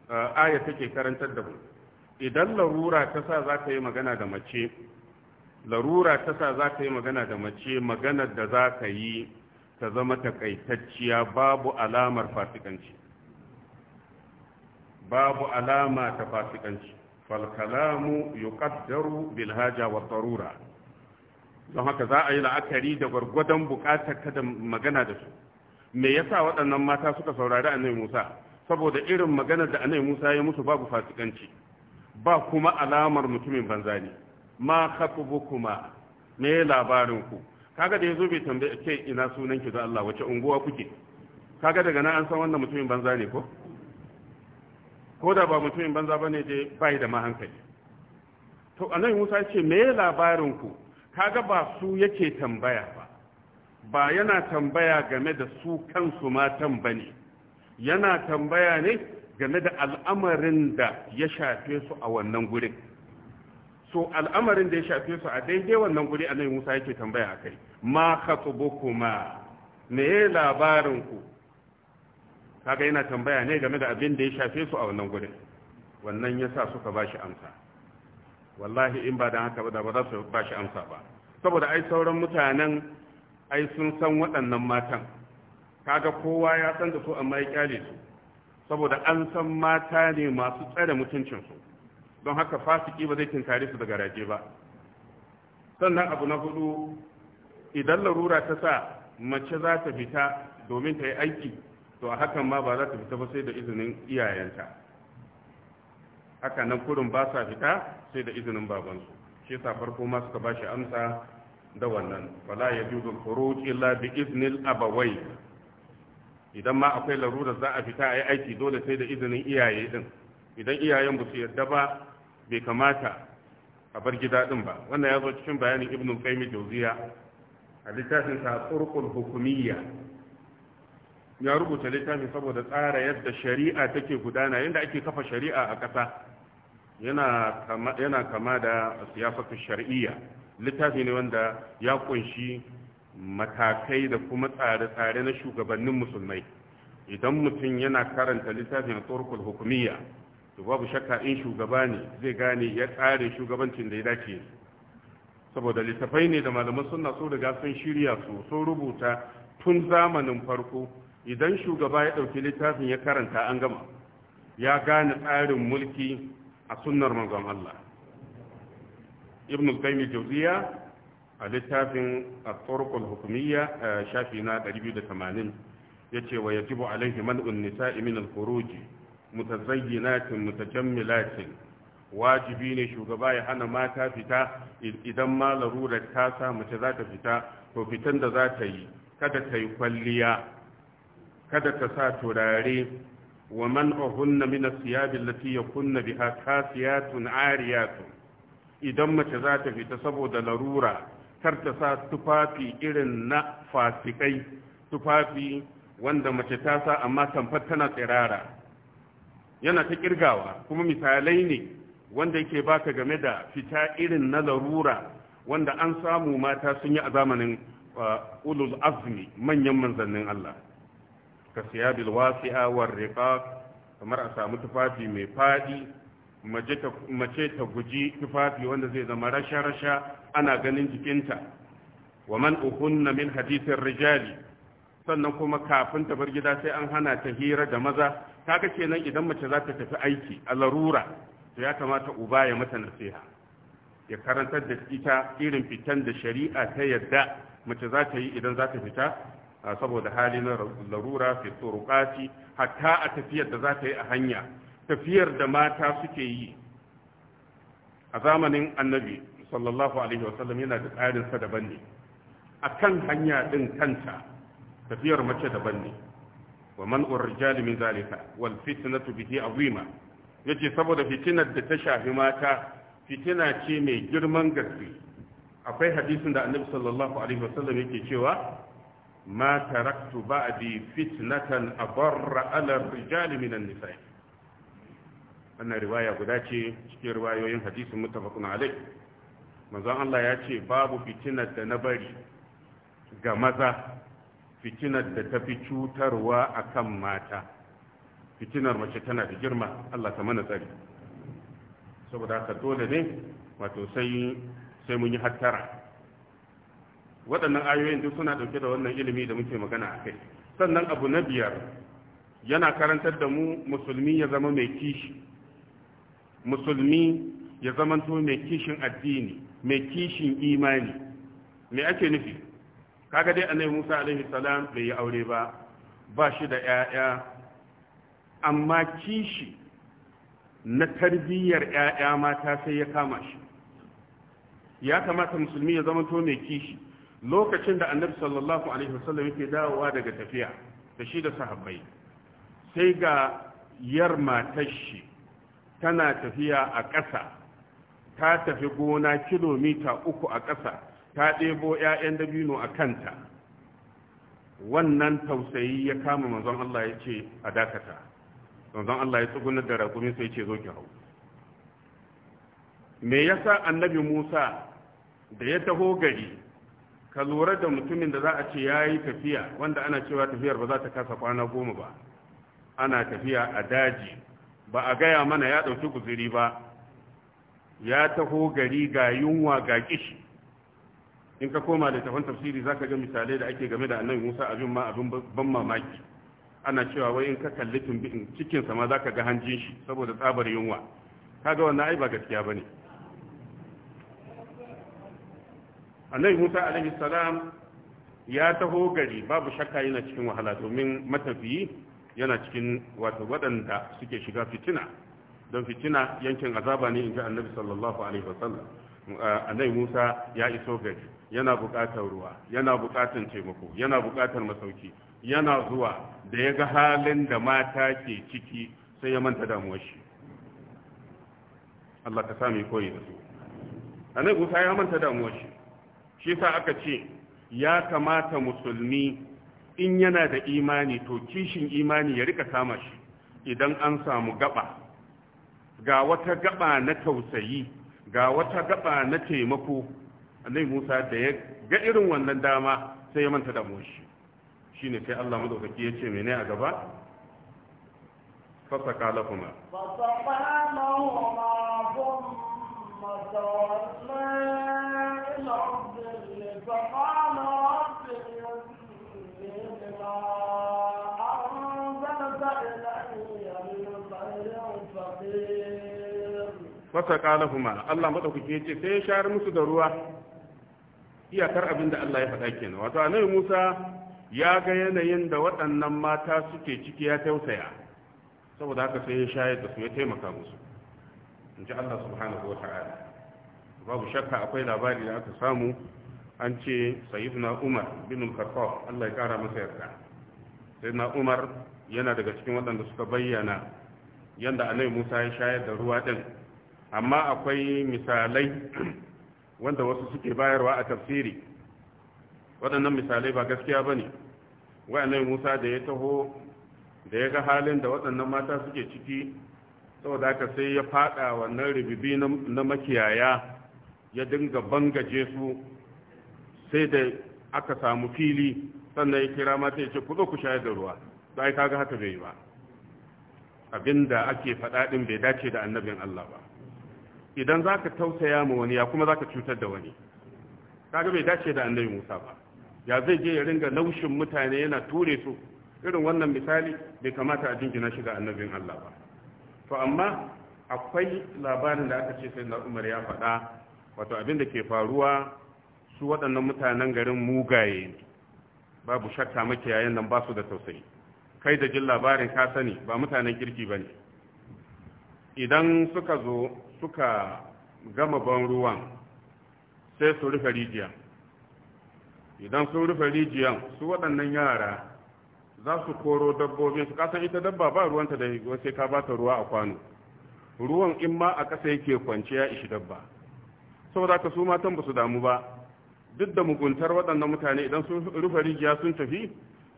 eh, aya take karantar da mu idan larura ta sa za ka yi magana da mace larura ta sa za ka yi magana da mace maganar da za ka yi ta zama takaitacciya babu alamar fasikanci babu alama ta fasikanci falkalamu yuqaddaru bil haja wa darura don haka za a yi la'akari da gwargwadon bukatar ka da magana da su me yasa waɗannan mata suka saurari annabi Musa saboda irin magana da annabi Musa ya musu babu fasikanci ba kuma alamar mutumin banza ne ma khatubukuma me labarin ku kaga da yazo bai tambaye ce ina sunan ki da Allah wace unguwa kuke kaga daga nan an san wannan mutumin banza ne ko ko da ba mutumin banza bane dai bai da mahankali to annabi Musa ya ce me labarin ku kaga ba su yake tambaya ba ba yana tambaya game da su kansu matan bane yana tambaya ne game da al'amarin da ya shafe su a wannan gurin so al'amarin da ya shafe su a daidai wannan guri nan Musa yake tambaya kai, ma khatubukuma me labarin ku kaga yana tambaya ne game da abin da ya shafe su a wannan gurin wannan yasa suka bashi amsa wallahi in ba dan haka ba ba za su ba shi amsa ba saboda ai sauran mutanen ai sun san waɗannan matan kaga kowa ya san da su amma ya kyale su saboda an san mata ne masu tsare mutuncin su don haka fasiki ba zai tinkare su daga rage ba sannan abu na hudu idan larura ta sa mace za ta fita domin ta yi aiki to a hakan ma ba za ta fita ba sai da izinin iyayenta haka nan kurin ba sa fita sai da izinin babansu shi yasa farko ma suka bashi amsa da wannan wala ya al-khuruj illa bi iznil abawai idan ma akwai larurar za a fita yi aiki dole sai da izinin iyaye din idan iyayen ba su yarda ba bai kamata a bar gida din ba wannan ya zo cikin bayanin ibnu qayyim jawziya a littafin sa turqul hukumiyya ya rubuta littafin saboda tsara yadda shari'a take gudana yadda ake kafa shari'a a ƙasa yana kama da siyasatu shar'iyya littafi ne wanda ya kunshi matakai da kuma tsare-tsare na shugabannin musulmai idan mutum yana karanta littafin turkul hukumiyya to babu shakka in shugaba ne zai gane ya tsare shugabancin da ya dace saboda littafai ne da malamai suna su riga sun shirya su sun rubuta tun zamanin farko idan shugaba ya ɗauki littafin ya karanta an gama ya gane tsarin mulki a sunnar manzon Allah ibn al-qayyim jawziya a littafin at-turuq al-hukmiyya eh, shafi na 280 yace wa yajibu alaihi man'un nisa'i min al-khuruj mutazayyinatin mutajammilatin wajibi ne shugaba ya hana mata fita idan ma larurar ta sa mace za ta fita to fitan da za ta yi kada ta yi kwalliya kada ta sa turare wa man'uhunna min as-siyab allati yakunna biha kasiyatun idan mace za ta fita saboda larura kar ta sa tufafi irin na fasikai tufafi wanda mace ta sa amma tamfar tana tsirara yana ta kirgawa kuma misalai ne wanda yake baka game da fita irin na larura wanda an samu mata sun yi a zamanin ulul azmi manyan manzannin Allah ka siya bilwasi'a war kamar a samu tufafi mai faɗi mace ta guji tufafi wanda zai zama rasha-rasha ana ganin jikinta wa man uhunna min hadithin rijali sannan kuma kafin ta bar gida sai an hana ta hira da maza kaga kenan idan mace za ta tafi aiki a larura to ya kamata uba ya mata nasiha ya karantar da ita irin fitan da shari'a ta yadda mace za ta yi idan za ta fita saboda hali na larura fi turuqati hatta a tafiyar da za ta yi a hanya tafiyar da mata suke yi a zamanin annabi sallallahu alaihi wasallam yana da tsarin sa daban ne akan hanya din kanta tafiyar mace daban ne wa man urjal min zalika wal fitnatu bihi azima yace saboda fitinar da ta shafi mata fitina ce mai girman gaske akwai hadisin da annabi sallallahu alaihi wasallam yake cewa ma taraktu ba'di fitnatan abarra ala rijali minan nisa'i wannan riwaya guda ce cikin riwayoyin hadisin muttafaqun alai manzon Allah ya ce babu fitinar da na bari ga maza fitinar da tafi cutarwa akan mata fitinar mace tana da girma Allah ta mana tsari saboda haka dole ne wato sai sai mun yi hattara waɗannan ayoyin duk suna ɗauke da wannan ilimi da muke magana a kai sannan abu na biyar yana karantar da mu musulmi ya zama mai kishi musulmi ya to mai kishin addini mai kishin imani me ake nufi kaga dai annabi Musa alaihi salam bai yi aure ba ba shi da ƴaƴa amma kishi na tarbiyyar ƴaƴa mata sai ya kama shi ya kamata musulmi ya zamanto mai kishi lokacin da annabi sallallahu alaihi wasallam yake dawowa daga tafiya da shi da sahabbai sai ga yar matar shi tana tafiya a ƙasa ta tafi gona kilomita uku a ƙasa ta ɗebo 'ya'yan dabino a kanta wannan tausayi ya kama manzon Allah ya ce a dakata manzon Allah ya tsugunar da rakumin sai ce zo ki hau me yasa annabi Musa da ya taho gari ka lura da mutumin da za a ce ya yi tafiya wanda ana cewa tafiyar ba za ta kasa kwana goma ba ana tafiya a daji ba a gaya mana ya ɗauki guziri ba ya taho gari ga yunwa ga kishi in ka koma da tafan tafsiri za ka ga misalai da ake game da annabi musa abin ma abin ban mamaki ana cewa wai in ka kalli tumbi'in cikinsa ma za ka ga hanjin shi saboda tsabar yunwa Ka ga wannan ai ba gaskiya ba ne annabi musa alaihi salam ya taho gari babu shakka yana cikin wahala domin matafiyi yana cikin wato waɗanda suke shiga fitina don fitina yankin azaba ne in ji annabi sallallahu alaihi wasallam annabi musa ya iso gari yana buƙatar ruwa yana buƙatar taimako yana buƙatar masauki yana zuwa da ya ga halin da mata ke ciki sai ya manta damuwar shi Allah ka sami koyi da su annabi musa ya manta damuwar shi shi sa aka ce ya kamata musulmi in yana da imani to kishin imani ya rika kama shi idan an samu gaba ga wata gaba na tausayi ga wata gaba na taimako annabi Musa da ya ga irin wannan dama sai ya manta da shi shine sai Allah madaukaki ya ce mene a gaba fasa lahuma fasaka العذل فقال kuma ya لما أنزلت إلي musu da ruwa iyakar abin da Allah ya faɗa kenan wato annabi Musa ya ga yanayin da waɗannan mata suke ciki ya tausaya saboda haka sai ya shayar da su ya taimaka musu in ji Allah subhanahu wa ta'ala babu shakka akwai labari da aka samu an ce sayyidina umar bin al-khattab Allah ya kara masa yarda sayyidina umar yana daga cikin waɗanda suka bayyana yanda annabi Musa ya shayar da ruwa din amma akwai misalai wanda wasu suke bayarwa a tafsiri waɗannan misalai ba gaskiya bane wa'annan Musa da ya taho da ya ga halin da waɗannan mata suke ciki saboda haka sai ya fada wannan rububi na makiyaya ya dinga bangaje su sai da aka samu fili sannan ya kira mata ya ce ku zo ku shayar da ruwa to kaga haka bai yi ba abinda ake faɗa din bai dace da annabin Allah ba idan zaka tausaya ma wani ya kuma zaka cutar da wani kaga bai dace da annabi Musa ba ya zai je ya ringa naushin mutane yana ture su irin wannan misali bai kamata a jingina shi ga annabin Allah ba to amma akwai labarin da aka ce sai na Umar ya faɗa wato abin da ke faruwa su waɗannan mutanen garin mugaye babu shakka yayin nan ba su da tausayi kai da jin labarin ka sani ba mutanen kirki ba ne idan suka zo suka gama ban ruwan sai su rufe rijiya idan sun rufe rijiyan su waɗannan yara za su koro dabbobin su kasan ita dabba ba ruwanta da sai ka bata ruwa a kwano ruwan in ma a ƙasa yake kwanciya ishi dabba saboda ka su matan ba su damu ba duk da muguntar waɗannan mutane idan sun rufe rijiya sun tafi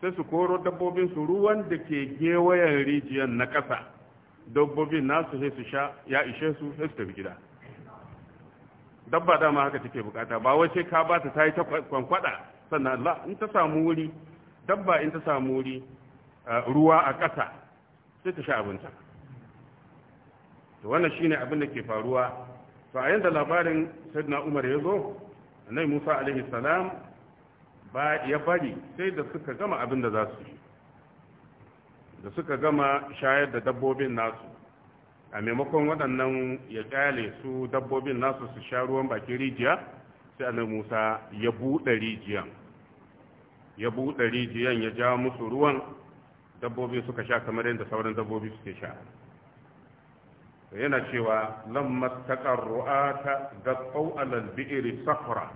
sai su koro dabbobin su ruwan da ke gewayen rijiyar na ƙasa dabbobin nasu sai su sha ya ishe su sai su tafi gida dabba dama haka take bukata ba wai sai ka ba ta tayi ta kwankwada sannan Allah in ta samu wuri dabba in ta samu wuri eh, ruwa a ƙasa sai ta sha abinta to wannan shine abin da ke faruwa to a yadda labarin sayyidina umar ya zo annabi musa alaihi salam ba ya bari sai da suka gama abin da za su yi da suka gama shayar da dabbobin nasu a maimakon waɗannan ya kyale su dabbobin nasu su sha ruwan bakin rijiya sai annabi musa ya buɗe rijiyan ya buɗe rijiyan ya ja musu ruwan dabbobi suka sha kamar yadda sauran dabbobi suke sha yana cewa lamma taqarru'ata daqau alal bi'ri safra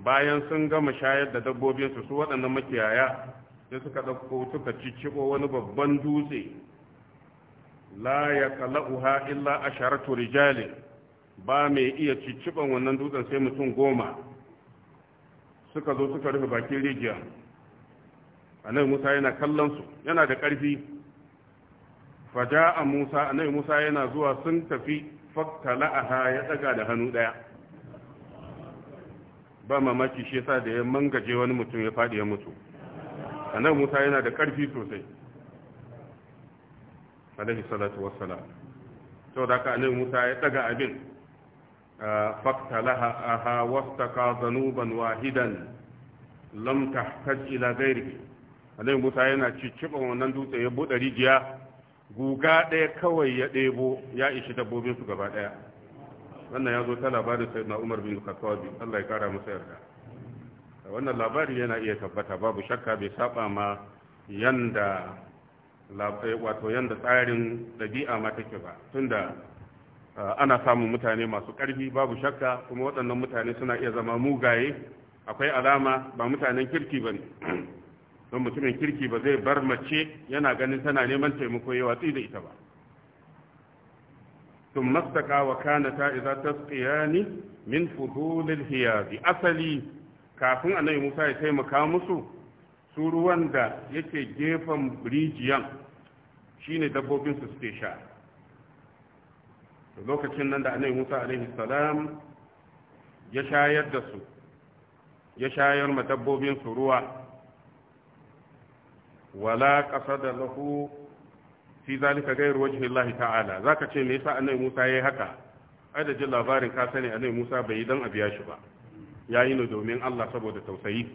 bayan sun gama shayar da dabbobin su waɗannan makiyaya sai suka dauko suka cicciko wani babban dutse la ya kala'uha illa asharatu rijali ba mai iya cicciban wannan dutsen sai mutum goma suka zo suka rufe bakin rijiya Anan Musa yana kallon su yana da ƙarfi faja'a Musa annabi Musa yana zuwa sun tafi ha ya daga da hannu daya ba mamaki shi yasa da ya mangaje wani mutum ya fadi ya mutu annabi Musa yana da karfi sosai alaihi salatu wassalam da haka annabi Musa ya daga abin faktala'aha wastaka zanuban wahidan lam tahtaj ila ghairihi annabi Musa yana cicciban wannan dutse ya buɗe rijiya guga ɗaya kawai ya ɗebo ya ishi dabbobin su gaba ɗaya wannan ya zo ta labarin sai na umar bin kakawabi allah ya kara masa yarda wannan labari yana iya tabbata babu shakka bai saba ma yanda eh, wato yanda tsarin ɗabi'a ma take ba tunda eh, ana samun mutane masu ƙarfi babu shakka kuma waɗannan mutane suna iya zama mugaye akwai alama ba mutanen kirki ba ne don mutumin kirki ba zai bar mace yana ganin tana neman taimako ya watsi da ita ba sun mastaka wa kanata iza ta tsiyani min hiyazi asali kafin annabi musa ya taimaka musu su ruwan da yake gefen rijiyan shine dabbobin su suke sha lokacin nan da annabi musa alaihi salam ya shayar da su ya shayar ma dabbobin su ruwa wala qasada lahu fi zalika ghayru wajhi Allah ta'ala zaka ce me yasa annabi Musa yayi haka ai jin labarin ka sani annabi Musa bai dan a biya shi ba yayi ne domin Allah saboda tausayi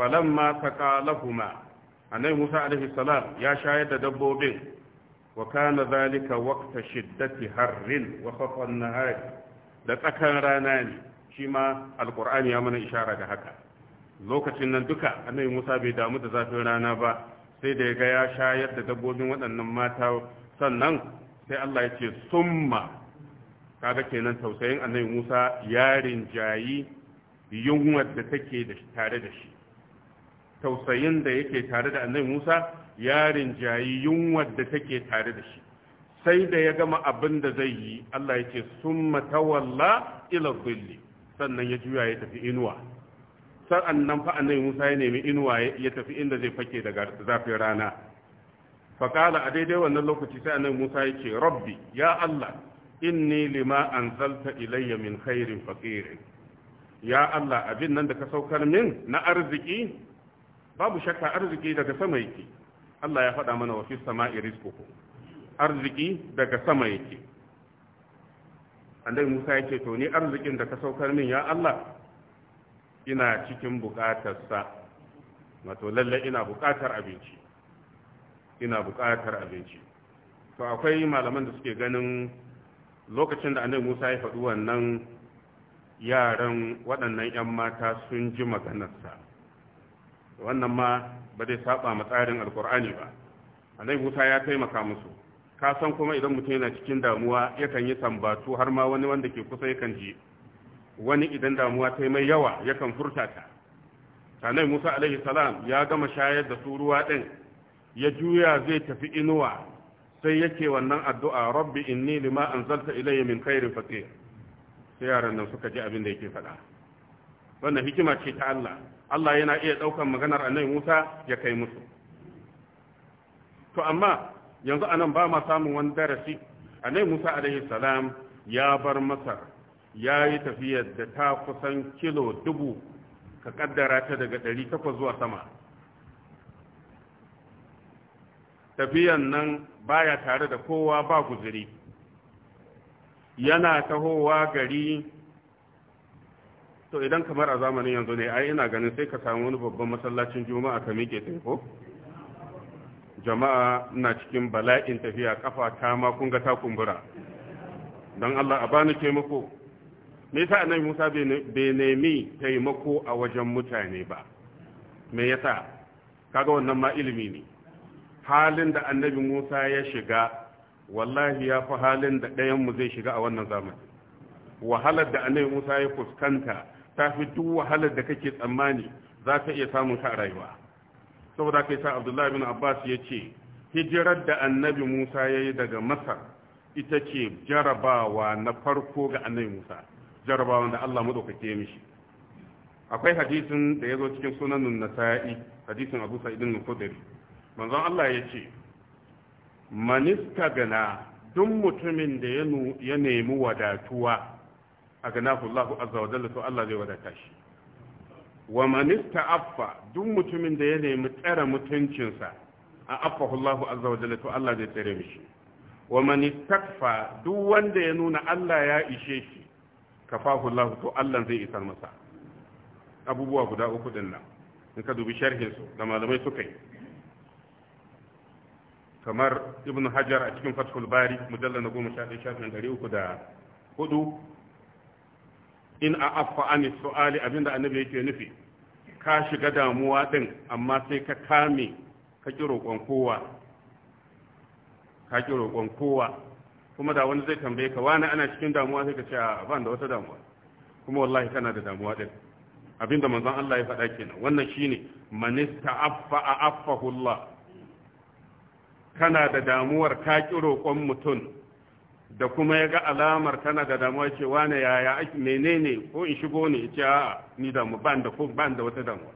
falamma taqalahuma annabi Musa alaihi salam ya shayar da dabbobin wa kana zalika waqta shiddati harrin wa khafan nahari da tsakan rana ne shi ma alqur'ani ya mana ishara da haka lokacin nan duka annabi musa bai damu da zafin rana ba sai da ya ga ya shayar da dabbobin waɗannan mata sannan sai allah ya ce summa kaga kenan tausayin annabi musa yarin jayi yunwar da take da tare da shi tausayin da yake tare da annabi musa yarin jayi yunwar da take tare da shi sai da ya gama abin da zai yi Allah ya ce ta tawalla ila dhilli sannan ya juya ya tafi inuwa sa'an nan fa annabi Musa ya nemi inuwa ya tafi inda zai fake daga zafin rana faƙala a daidai wannan lokaci sai annabi Musa ya ce rabbi ya Allah inni lima anzalta ilayya min khairin faqirin ya Allah abin nan da ka saukar min na arziki babu shakka arziki daga sama yake Allah ya faɗa mana wa fi sama'i rizqukum arziki daga sama yake annabi Musa ya ce to ni arzikin da ka saukar min ya Allah ina cikin buƙatarsa wato lalle ina buƙatar abinci ina buƙatar abinci to akwai malaman da suke ganin lokacin da annabi Musa ya faɗi wannan yaran waɗannan 'yan mata sun ji maganarsa wannan ma ba zai saba ma tsarin alkur'ani ba annabi Musa ya taimaka musu ka san kuma idan mutum yana cikin damuwa yakan yi tambatu har ma wani wanda ke kusa yakan ji wani idan damuwa ta mai yawa yakan furta ta sanai musa alaihi salam ya gama shayar da su ruwa ɗin ya juya zai tafi inuwa sai yake wannan addu'a rabbi inni lima anzalta ilayya min khairin faqir sai yaran nan suka ji abin da yake faɗa wannan hikima ce ta Allah Allah yana iya ɗaukan maganar annabi Musa ya kai musu to amma yanzu anan ba ma samun wani darasi annabi Musa alaihi salam ya bar Masar ya yi tafiyar da ta kusan kilo dubu ka kaddara ta daga ɗari 800 zuwa sama tafiyan nan baya tare da kowa ba guziri yana tahowa gari to idan kamar a zamanin yanzu ne ai ina ganin sai ka samu wani babban masallacin juma'a ka miƙe taiko jama'a na cikin bala'in tafiya kafa ta ma kun ga ta kumbura don Allah a bani taimako me yasa annabi Musa bai nemi taimako a wajen mutane ba me yasa kaga wannan ma ilimi ne halin da annabi Musa ya shiga wallahi ya fi halin da ɗayan mu zai shiga a wannan zamani wahalar da annabi Musa ya fuskanta ta fi duk wahalar da kake tsammani za ka iya samun ta a rayuwa saboda kai sa Abdullahi bin Abbas ya ce hijirar da annabi Musa ya yi daga Masar ita ce jarabawa na farko ga annabi Musa jarabawan da Allah madaukake mishi akwai hadisin da ya zo cikin sunanun nasa'i hadisin abu sa'idin al-khudri manzon Allah ya ce maniska gana duk mutumin da ya nemi wadatuwa a gana azza wa jalla to Allah zai wadata shi wa manista affa duk mutumin da ya nemi tsare mutuncinsa a affahullahu azza wa jalla to Allah zai tsare mishi wa manistakfa duk wanda ya nuna Allah ya ishe shi kafahu Allah to Allah zai isar masa abubuwa guda uku din nan in ka dubi sharhin su da malamai suka yi kamar ibn hajar a cikin fathul bari mujallal na goma sha ɗaya shafin ɗari uku da hudu in a afa an su'ali abinda annabi yake nufi ka shiga damuwa din amma sai ka kame ka kiro roƙon kowa ka kiro roƙon kowa kuma da wani zai tambaye ka wani ana cikin damuwa sai ka ce a ban da wata damuwa kuma wallahi kana da damuwa din abinda manzon Allah ya faɗa kenan wannan shine manista affa affahu Allah kana da damuwar ka kiro kon mutum da kuma ya ga alamar kana da damuwa ce wani yaya ake menene ko in shigo ne ce a ni mu ban da ko ban da wata damuwa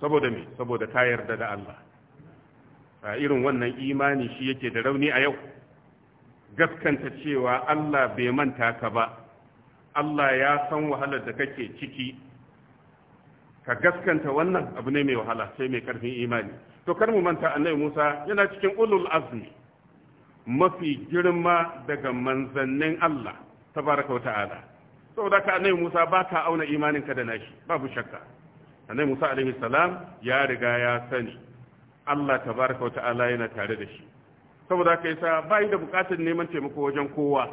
saboda me saboda ta yarda da Allah a irin wannan imani shi yake da rauni a yau gaskanta cewa Allah bai manta ka ba Allah ya san wahalar da kake ciki ka gaskanta wannan abu ne mai wahala sai mai karfin imani to kar mu manta annabi Musa yana cikin ulul azmi mafi girma daga manzannin Allah tabaraka wa ta'ala saboda ka annabi Musa ba ka auna imanin ka da nashi babu shakka annabi Musa alaihi salam ya riga ya sani Allah tabaraka wa ta'ala yana tare da shi saboda ka yasa yi da bukatar neman taimako wajen kowa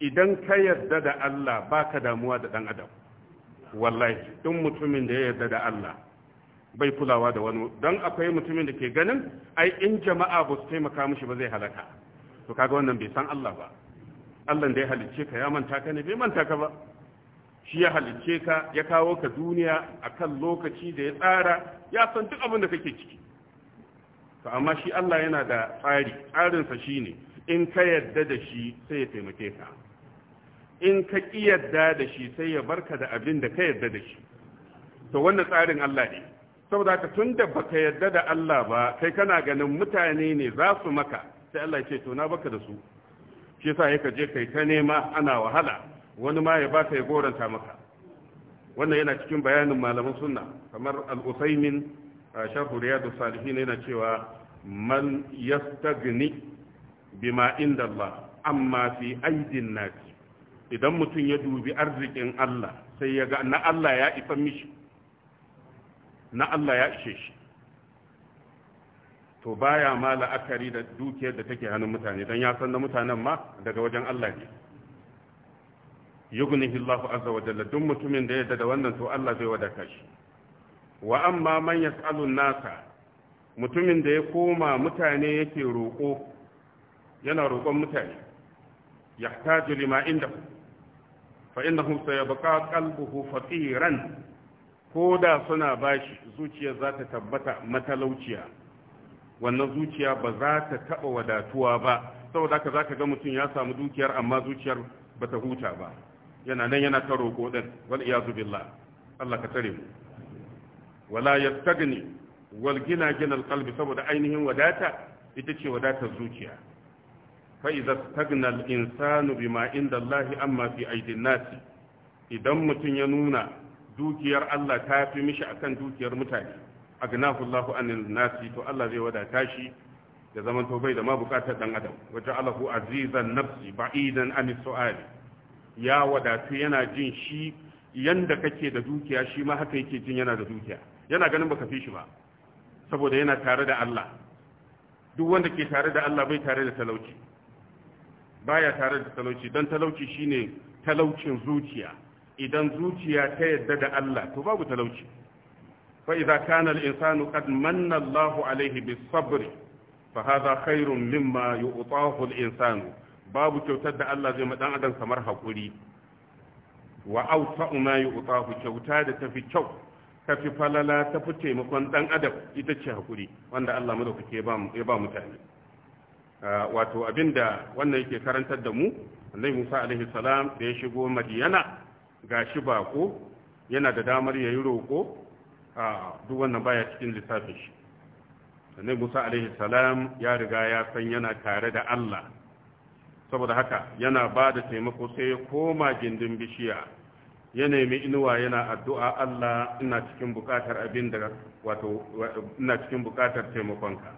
idan ka yarda da Allah ba ka damuwa da dan adam wallahi duk mutumin da ya yarda da Allah bai kulawa da wani dan akwai mutumin da ke ganin ai in jama'a ba su taimaka mishi ba zai halaka to kaga wannan bai san Allah ba Allah da ya halicce ka ya manta ka ne bai manta ka ba shi ya halicce ka ya kawo ka duniya akan lokaci da ya tsara ya san duk abin da kake ciki to amma shi Allah yana da tsari tsarinsa shine in ka yadda da shi sai ya taimake ka in ka ƙi yadda da shi sai ya barka da abin da ka yadda da shi to wannan tsarin Allah ne saboda ka tun da baka yadda da Allah ba kai kana ganin mutane ne za su maka sai Allah ce to na baka da su shi yasa yaka je kai ta nema ana wahala wani ma ya baka ya goranta maka wannan yana cikin bayanin malaman sunna kamar al-Usaymin shafu riyadu ne na cewa man yastagni bima inda Allah amma fi aidin nasi idan mutum ya dubi arzikin Allah sai ya ga na Allah ya isa mishi na Allah ya ishe shi to baya ma la'akari da dukiyar da take hannun mutane don ya san da mutanen ma daga wajen Allah ne yugnihi Allah azza wa jalla duk mutumin da ya da wannan to Allah zai wadaka shi wa amma man yas'alun nasa mutumin da ya koma mutane yake roƙo yana roƙon mutane ya yahtaju lima indahu fa innahu sayabqa qalbuhu fatiran ko da suna bashi zuciya za ta tabbata matalauciya wannan zuciya ba za ta taɓa wadatuwa ba saboda ka za ka ga mutum ya samu dukiyar amma zuciyar ba ta huta ba yana nan yana ta roƙo ɗin wal iyazu billah Allah ka tare mu wala yastagni wal gina gina qalbi saboda ainihin wadata ita ce wadatar zuciya fa idza stagna al insanu bima inda Allah amma fi aidin nasi idan mutum ya nuna dukiyar Allah ta fi mishi akan dukiyar mutane agnahu Allah anil nasi to Allah zai wadata shi da zaman to bai da ma bukatar dan adam wajen alahu azizan nafsi ba'idan an su'ali ya wadatu yana jin shi yanda kake da dukiya shi ma haka yake jin yana da dukiya yana ganin baka fi shi ba saboda yana tare da Allah duk wanda ke tare da Allah bai tare da talauci baya tare da talauci don talauci shine talaucin zuciya idan zuciya ta yadda da Allah to babu talauci fa idza kana al-insanu qad manna Allahu alayhi bis-sabr fa hadha khairun mimma yu'tahu al-insanu babu kyautar da Allah zai madan adam kamar hakuri wa awsa'u ma yu'tahu kyauta da tafi kyau tafi falala ta fi taimakon dan adam ita ce hakuri wanda Allah madaukake ya ba mutane wato abinda wannan yake karantar da mu annabi Musa alaihi salam da ya shigo Madiyana gashi bako yana da damar yayi roko duk wannan baya cikin lissafin shi annabi Musa alaihi salam ya riga ya san yana tare da Allah saboda haka yana ba da taimako sai ya koma gindin bishiya ya nemi inuwa yana addu'a Allah ina cikin bukatar abin da wato ina cikin bukatar taimakonka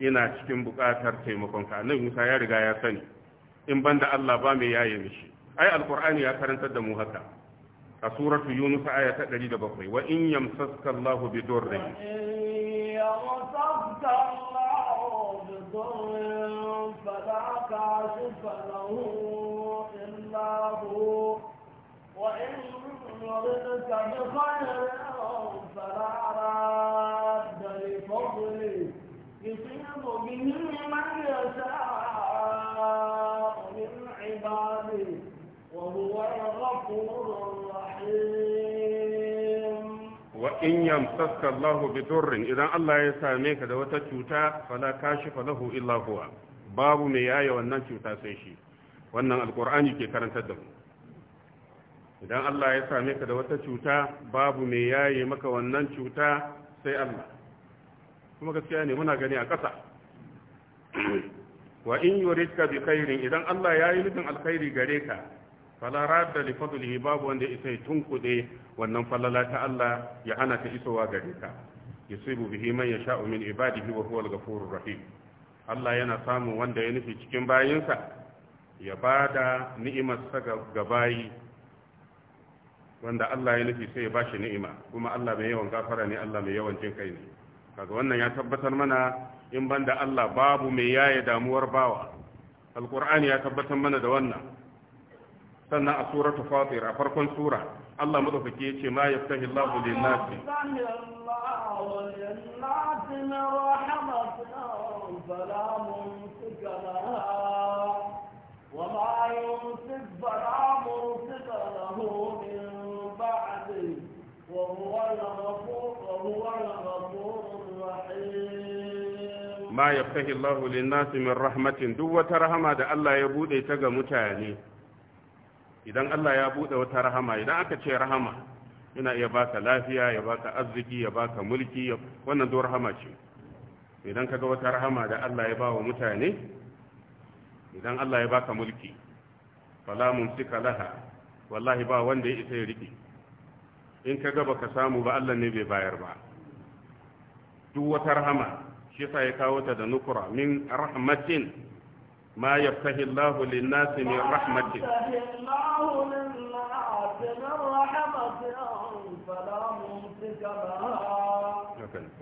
ina cikin bukatar taimakonka annabi Musa ya riga ya sani in banda Allah ba mai yaye mishi ai alqur'ani ya karantar da mu haka a suratu yunus aya ta 107 wa in yamsaska Allahu bi durrin yamsaska Allahu bi durrin fala وإن يردك بخير allah راد لفضله يصيب به من يشاء من da وهو الغفور يمسك الله بضر إذا الله فلا كاشف له إلا هو babu mai yaya wannan cuta sai shi wannan alkur'ani ke karantar da mu idan Allah ya same ka da wata cuta babu mai yaye maka wannan cuta sai Allah kuma gaskiya ne muna gani a ƙasa wa in yuridka bi khairin idan Allah ya yi nufin alkhairi gare ka fala radda li fadlihi babu wanda isa tun tunkude wannan falala ta Allah ya hana ta isowa gare ka yusibu bihi man yasha'u min ibadihi wa huwa al-ghafurur rahim Allah yana samun wanda ya nufi cikin bayinsa ya bada ni'imar sa ga bayi wanda Allah ya nufi sai ya bashi ni'ima kuma Allah mai yawan gafara ne Allah mai yawan jin kai ne kaga wannan ya tabbatar mana in banda Allah babu mai yaye damuwar bawa alqur'ani ya tabbatar mana da wannan sannan a suratul fatir a farkon sura Allah madaukake yace ma yaftahi Allahu lin-nasi Allah وهو الغفور الرحيم ما min rahmatin duk wata rahama da Allah ya buɗe ta ga mutane, idan Allah ya buɗe wata rahama idan aka ce rahama yana iya baka lafiya ya baka arziki ya baka mulki wannan duk rahama ce idan kaga wata rahama da Allah ya bawa mutane idan Allah ya baka mulki fala mumsika laha wallahi ba wanda ya isa ya rike in ka ga baka samu ba Allah ne bai bayar ba duk wata rahama shi sa ya kawo ta da nukura min rahmatin ma yaftahi Allah lin nas min rahmatin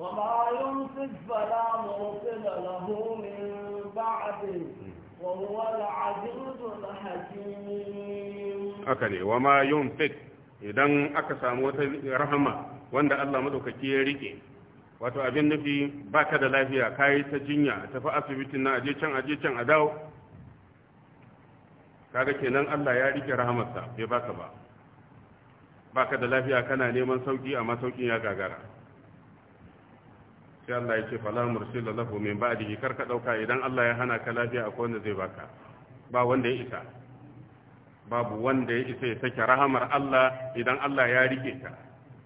وما يمسك فلا مرسل له من بعده وهو العزيز الحكيم. أكني وما يمسك idan aka samu wata rahama wanda Allah madaukaki ya rike wato abin nufi baka da lafiya kai ta jinya tafi asibitin na aje can aje can a dawo kaga kenan Allah ya rike rahamarsa bai baka ba baka da lafiya kana neman sauki amma saukin ya gagara sai Allah ya ce fala mursila lahu min ba'dihi karka dauka idan Allah ya hana ka lafiya akwai wanda zai baka ba wanda ya isa babu wanda ya isa ya sake rahamar Allah idan Allah ya rike ta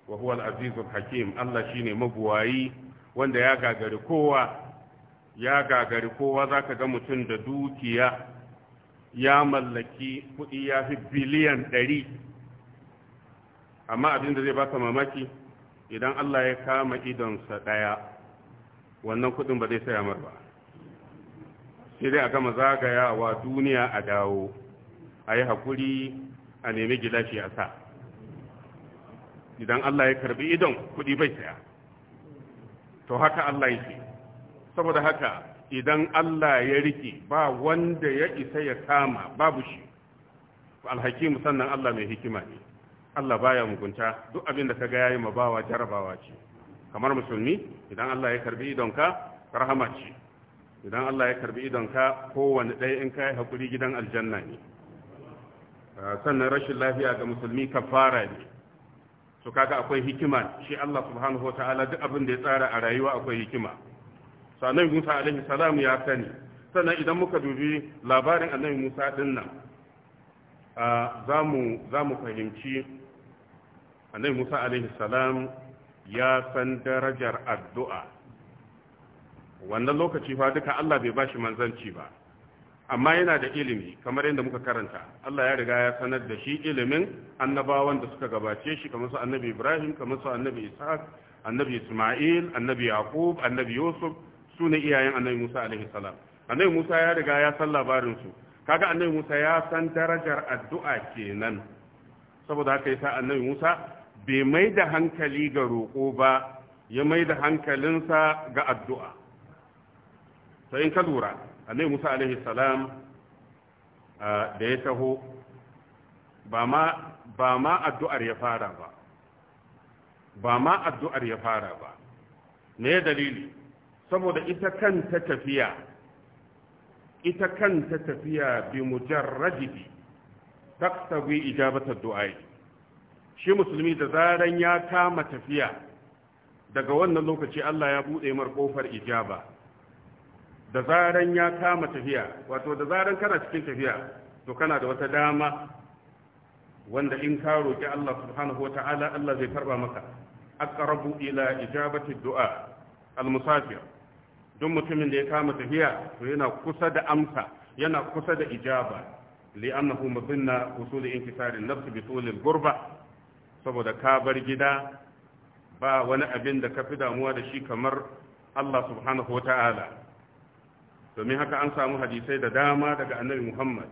wa huwal azizul hakim Allah shine maguwayi wanda ya gagari kowa ya gagari kowa zaka ga mutum da dukiya ya mallaki kuɗi ya fi biliyan ɗari amma abin da zai baka mamaki idan Allah ya kama idonsa ɗaya wannan kuɗin ba zai saya mar ba sai dai a gama zagayawa duniya a dawo a yi hakuri a nemi gilashi a sa idan Allah ya karbi idon kuɗi bai saya to haka Allah yake saboda haka idan Allah ya rike ba wanda ya isa ya kama babu shi alhakimu sannan Allah mai hikima ne Allah baya mugunta duk abin da kaga yayi mabawa jarabawa ce kamar musulmi idan Allah ya karbi ka rahama ce idan Allah ya karbi ka kowanne ɗaya in kai hakuri gidan aljanna ne Ah, sannan rashin lafiya ga musulmi kafara ne to kaga akwai hikima shi Allah subhanahu wataala duk abin da ya tsara a rayuwa akwai hikima sannan Musa alaihi salamu ya sani sannan idan muka dubi labarin annabi Musa din nan ah, za mu fahimci annabi Musa alaihi salam ya san darajar addu'a wannan lokaci fa duka Allah bai bashi manzanci ba amma yana da ilimi kamar yadda muka karanta Allah ya riga ya sanar da shi ilimin annabawan da suka gabace shi kamar su annabi Ibrahim kamar su annabi Ishaq annabi Isma'il annabi Yaqub annabi Yusuf su ne iyayen annabi Musa alaihi salam annabi Musa ya riga ya san labarin su kaga annabi Musa ya san darajar addu'a kenan saboda haka yasa annabi Musa bai mai da hankali ga roƙo ba ya mai da hankalinsa ga addu'a sai in ka lura annabi musa alaihi salam da ya taho ba ma ba ma addu'ar ya fara ba ba ma addu'ar ya fara ba me dalili saboda ita kanta tafiya ita kanta tafiya bi mujarradihi taktabi ijabatar du'ai shi musulmi da zaran ya kama tafiya daga wannan lokaci Allah ya buɗe mar ijaba da zaran ya kama tafiya wato da zaran kana cikin tafiya to kana da wata dama wanda in ka roki Allah subhanahu wata'ala Allah zai karba maka aqrabu ila ijabati du'a al-musafir duk mutumin da ya kama tafiya to yana kusa da amsa yana kusa da ijaba li'annahu mabinna usul inkisar an-nafs bi tul al-ghurba saboda ka bar gida ba wani abin da ka fi damuwa da shi kamar Allah subhanahu wata'ala domin haka an samu hadisai da dama daga annabi muhammad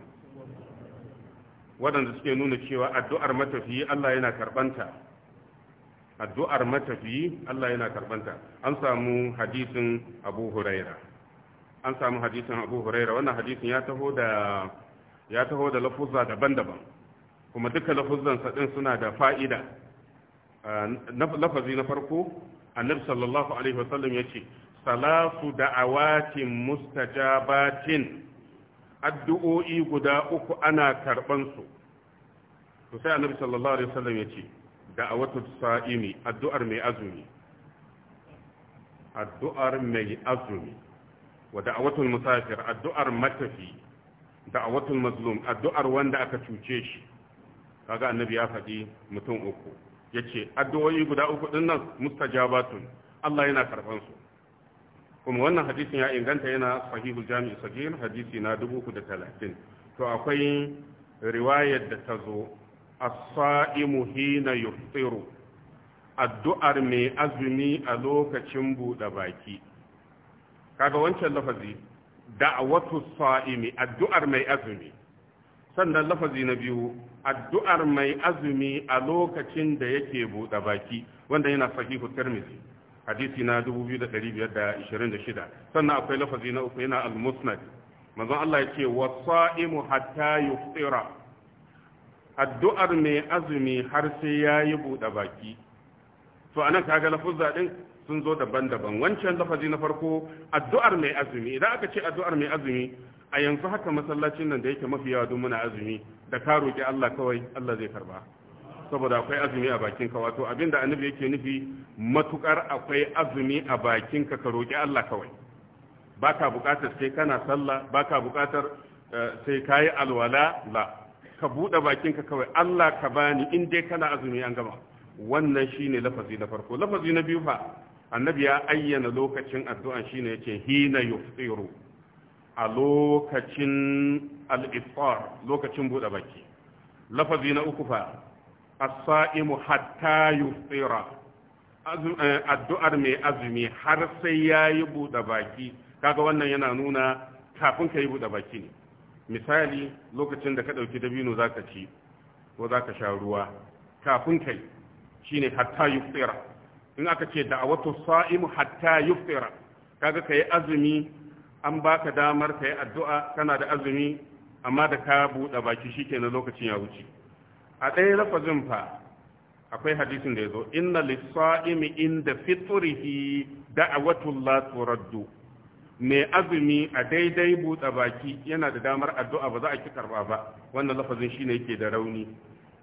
waɗanda suke nuna cewa addu'ar matafiyi allah yana karbanta addu'ar matafiyi allah yana karbanta an samu hadisin abu huraira an samu hadisin abu huraira wannan hadisin ya taho da ya lafuzza daban-daban kuma duka lafuzzansa din suna da fa'ida ah, lafazi na farko annabi sallallahu alaihi wasallam ya ce da awatin mustajabatin addu'o'i guda uku ana karban su to sai annabi sallallahu alaihi wasallam ya ce da'awatu sa'imi addu'ar mai azumi addu'ar mai azumi wa da'awatul musafir addu'ar matafi da'awatul mazlum addu'ar wanda aka cuce shi kaga annabi ya faɗi mutum uku yace addu'o'i guda uku dinnan mustajabatun Allah yana karban su kuma wannan hadisin ya inganta yana sahihu jami'i sagir hadisi na 330 to akwai riwayar da ta zo as-sa'imu hina yuftiru addu'ar mai azumi a lokacin buɗe baki kaga wancan lafazi da'awatu sa'imi addu'ar mai azumi sannan lafazi na biyu addu'ar mai azumi a lokacin da yake buɗe baki wanda yana sahihu tirmidhi hadisi na 2526 sannan akwai lafazi na uku yana al-musnad manzon Allah ya ce sa'imu hatta yuftira addu'ar mai azumi har sai yayi bude baki to anan kaga lafuzza din sun zo daban-daban wancan lafazi na farko addu'ar mai azumi idan aka ce addu'ar mai azumi a yanzu haka masallacin nan da yake mafi yawa don muna azumi da ka roki Allah kawai Allah zai karba saboda akwai azumi a bakinka wato abinda annabi yake nufi matukar akwai azumi a bakinka ka roki Allah kawai baka bukatar sai kana sallah baka bukatar eh, sai kayi alwala la ka bude bakinka kawai Allah ka bani in dai kana azumi an gama wannan shine lafazi na farko lafazi na biyu fa annabi ya ayyana lokacin addu'an shine yace hina yuftiru a lokacin al-iftar lokacin bude baki lafazi na uku fa Asa'imu saimu hatta yuftira eh, addu'ar mai azumi har sai yi buɗe baki kaga wannan yana nuna kafin ka yi buɗe baki ne misali lokacin da ka ɗauki dabino za ka ci ko za ka sha ruwa kafin kai shi ne hatta yuftira in aka ce da wato sa'imu hatta yuftira kaga ka yi azumi an baka damar ka yi addu'a kana da azumi amma da ka buɗe baki shi kenan lokacin ya wuce a ɗaya lafazin fa akwai hadisin da ya zo inna lissa'imi inda fitrihi da'awatul la turaddu mai azumi a daidai buɗe baki yana da damar addu'a ba za a ki karba ba wannan lafazin shine yake da rauni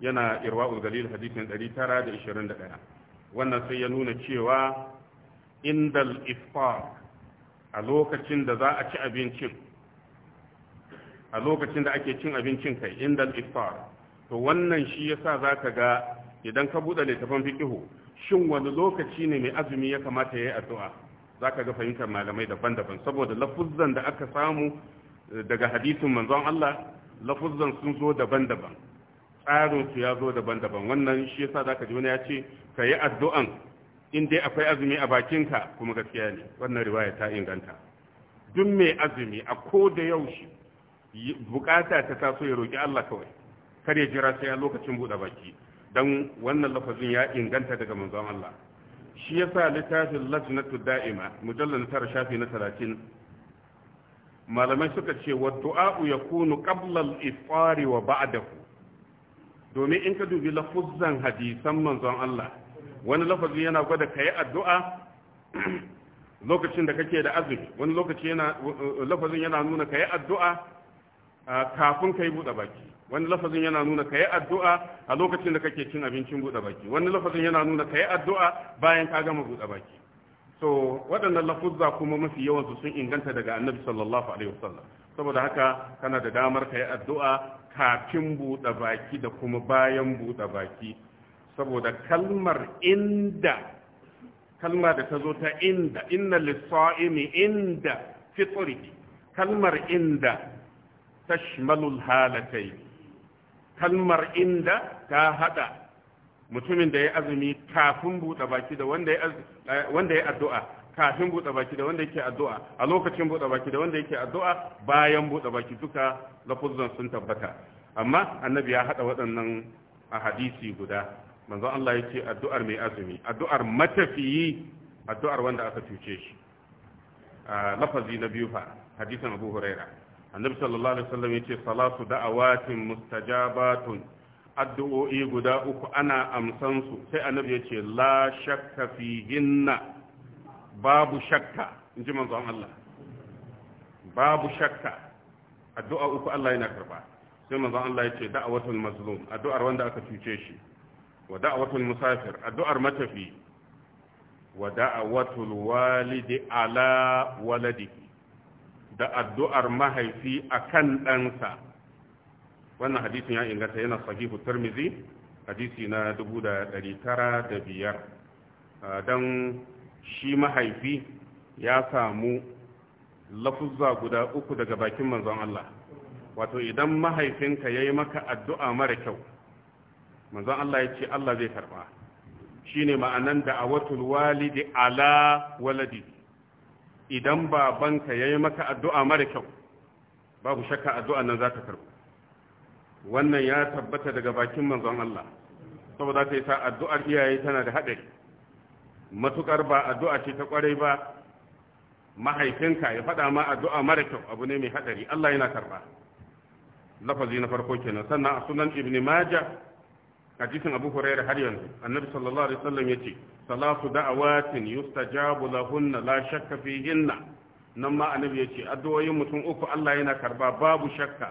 yana irwa'u galil hadisin 921 wannan sai ya nuna cewa indal iftar a lokacin da za a ci abincin a lokacin da ake cin abincin kai indal iftar to wannan shi yasa ka ga idan ka buɗe littafin fiqihu shin wani lokaci ne mai azumi ya kamata ya yi addu'a za ka ga fahimtar malamai daban-daban saboda lafuzzan da aka samu eh, daga hadisin manzon Allah lafuzzan sun zo daban-daban tsarin su ya zo daban-daban wannan shi yasa ka ji wani ya ce ka yi addu'an in dai akwai azumi a bakinka kuma gaskiya ne wannan riwaya ta inganta duk mai azumi a ko da yaushe bukata ta taso ya roki Allah kawai kar ya jira sai a lokacin buɗe baki don wannan lafazin ya inganta daga manzon Allah shi yasa littafin lajnatu da'ima mujallal tara shafi na 30 malamai suka ce wa du'a'u yakunu qabla al-ifṭari wa ba'dahu domin in ka dubi lafuzzan hadisan manzon Allah wani lafazi yana gwada ka yi addu'a lokacin da kake da azumi wani lokaci yana lafazin yana nuna ka yi addu'a ah, kafin ka yi buɗe baki wani lafazin yana nuna ka yi addu'a a lokacin da kake cin abincin buɗe baki wani lafazin yana nuna ka yi addu'a bayan ka gama buɗe baki so waɗannan lafuzza kuma mafi yawansu sun inganta daga annabi sallallahu alaihi wasallam saboda haka kana da damar ka yi addu'a kafin buɗe baki da kuma bayan buɗe baki saboda kalmar inda kalma da ta zo ta inda inna lissa'imi inda fitrihi kalmar inda tashmalul halatai kalmar inda ta hada mutumin da ya azumi kafin buɗe baki da eh, wanda ya addu'a kafin buɗe baki da wanda yake addu'a a lokacin buɗe baki da wanda yake addu'a bayan buɗe baki duka lafuzan sun tabbata amma annabi ya hada waɗannan a hadisi guda manzo Allah yake addu'ar mai azumi addu'ar matafiyi addu'ar wanda aka tuce shi ah, lafazi na biyu fa hadisin Abu Hurairah annabi sallallahu alaihi wasallam yace salatu da'awatin mustajabatun addu'o'i guda uku ana amsan su sai annabi yace la shakka fihinna babu shakka in inji manzon Allah babu shakka addu'a uku Allah yana karba sai manzon Allah yace da'awatul mazlum addu'ar wanda aka cuce shi wa da'awatul musafir addu'ar matafi wa da'awatul walidi ala waladihi da addu'ar mahaifi a kan ɗansa wannan hadisin ya inganta yana sahihu tarmizi hadisi na 1905 don shi mahaifi ya samu lafuzza guda uku daga bakin manzon Allah wato idan mahaifinka ya yi maka addu'a mara kyau manzon Allah ya ce Allah zai karɓa shi ne ma'anan da a watul walidi ala waladi idan babanka ya maka addu'a mara kyau babu shakka addu’an nan za ta karbu wannan ya tabbata daga bakin manzon Allah saboda ka yi sa addu'ar iyaye tana da haɗari matuƙar ba addu'a ce ta ƙwarai ba mahaifinka ya faɗa ma addu'a mara kyau abu ne mai haɗari Allah yana karba lafazi na farko kenan sannan a sunan ibn majah hadisin abu hurairah har yanzu annabi sallallahu alaihi wasallam yace salatu da'awatin yustajabu lahunna la shakka fihinna nan ma annabi yace addu'o'in mutum uku Allah yana karba babu shakka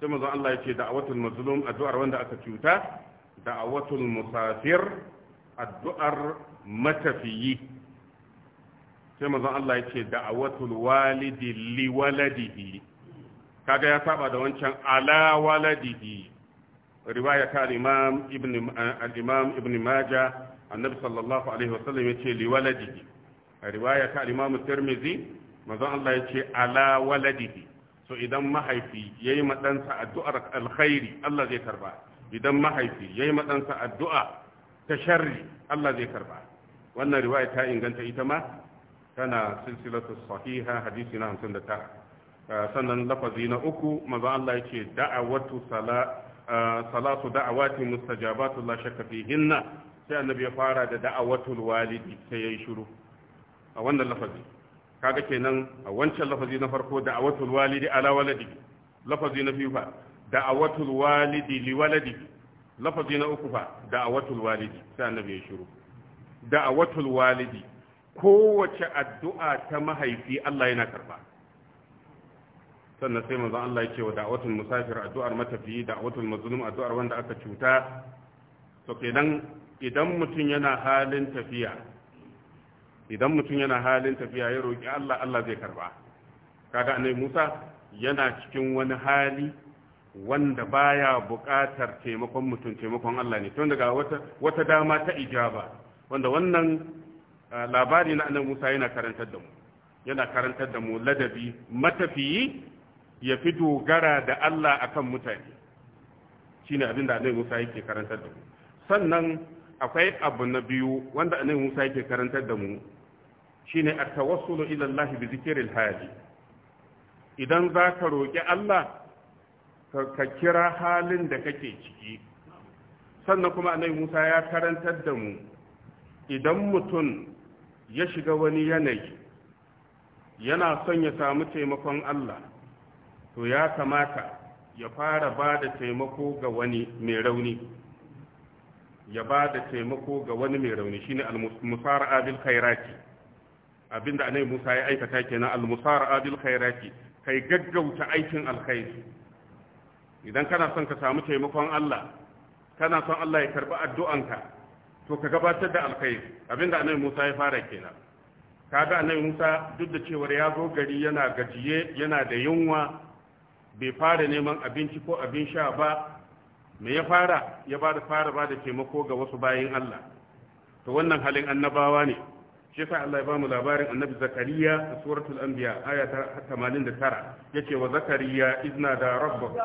sai manzo Allah yace da'awatul mazlum addu'ar wanda aka cuta da'awatul musafir addu'ar matafiyi sai manzo Allah yace da'awatul walidi liwaladihi kaga ya saɓa da wancan ala waladihi riwaya ta al-imam ibn eh, al-imam ibn majah annabi sallallahu alaihi wasallam yace li waladihi riwaya ta al-imam tirmidhi manzon Allah yace ala waladihi so idan mahaifi yayi madansa addu'ar alkhairi Allah zai karba idan mahaifi yayi madansa addu'a ta sharri Allah zai karba wannan riwaya ta inganta ita ma tana silsilatu sahiha hadisi na 59 eh, sannan lafazi na uku manzon Allah yace da'awatu sala salatu da'awati mustajabatu la shakka fihinna sai annabi ya fara da da'awatul walidi sai yayi shiru a wannan lafazi kaga kenan a wancan lafazi na farko da'awatul walidi ala waladi lafazi na biyu fa da'awatul walidi li waladi lafazi na uku fa da'awatul walidi sai annabi ya shiru da'awatul walidi kowace addu'a ta mahaifi Allah yana karba sannan sai manzon Allah yake wa da'watul musafir addu'ar matafiyi da'watul mazlum addu'ar wanda aka cuta to kenan idan mutum yana halin tafiya idan mutum yana halin tafiya ya roki Allah Allah zai karba kaga annabi Musa yana cikin wani hali wanda baya buƙatar taimakon mutum taimakon Allah ne tun daga wata wata dama ta ijaba wanda wannan labari na annabi Musa yana karantar da mu yana karantar da mu ladabi matafiyi ya fi dogara da Allah akan mutane ne abin da anayi Musa yake karantar da mu sannan akwai abu na biyu wanda anayi Musa yake karantar da mu shine wasu tawassulu ila Allah bi zikirin hali idan za ka roƙi Allah ka kira halin da kake ciki sannan kuma anayi Musa ya karantar da mu idan mutum ya shiga wani yanayi yana son ya samu taimakon Allah to ya kamata ya fara ba da taimako ga wani mai rauni ya ba da taimako ga wani mai rauni ne al-musara abil khairati abinda anai Musa ya aikata kenan al-musara abil khairati kai gaggauta aikin alkhairi idan kana son ka samu taimakon Allah kana son Allah ya karbi addu'anka to ka gabatar da alkhairi abinda anai Musa ya fara kenan kaga anai Musa duk da cewa ya zo gari yana gajiye yana da yunwa bai fara neman abinci ko abin sha ba me ya fara ya ba da fara ba da taimako ga wasu bayin Allah to wannan halin annabawa ne shi yasa Allah ya bamu labarin annabi zakariya a suratul anbiya aya ta 89 yace wa zakariya izna da ya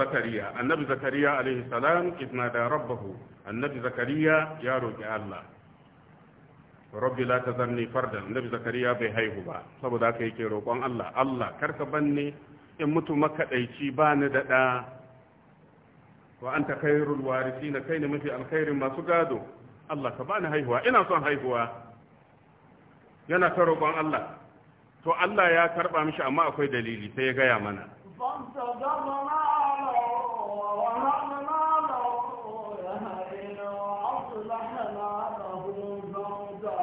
zakariya annabi zakariya alaihi salam idna da rabbahu annabi zakariya ya roki Allah rabbi la tazanni fardan annabi zakariya bai haihu ba saboda haka yake roƙon Allah Allah karka banne in mutu makadaici ba ni da da wa anta khairul warisina kai ne mafi alkhairin masu gado Allah ka bani haihuwa ina son haihuwa yana ta roƙon Allah to Allah ya karba mishi amma akwai dalili sai ya gaya mana وأصلح لهم ذنبا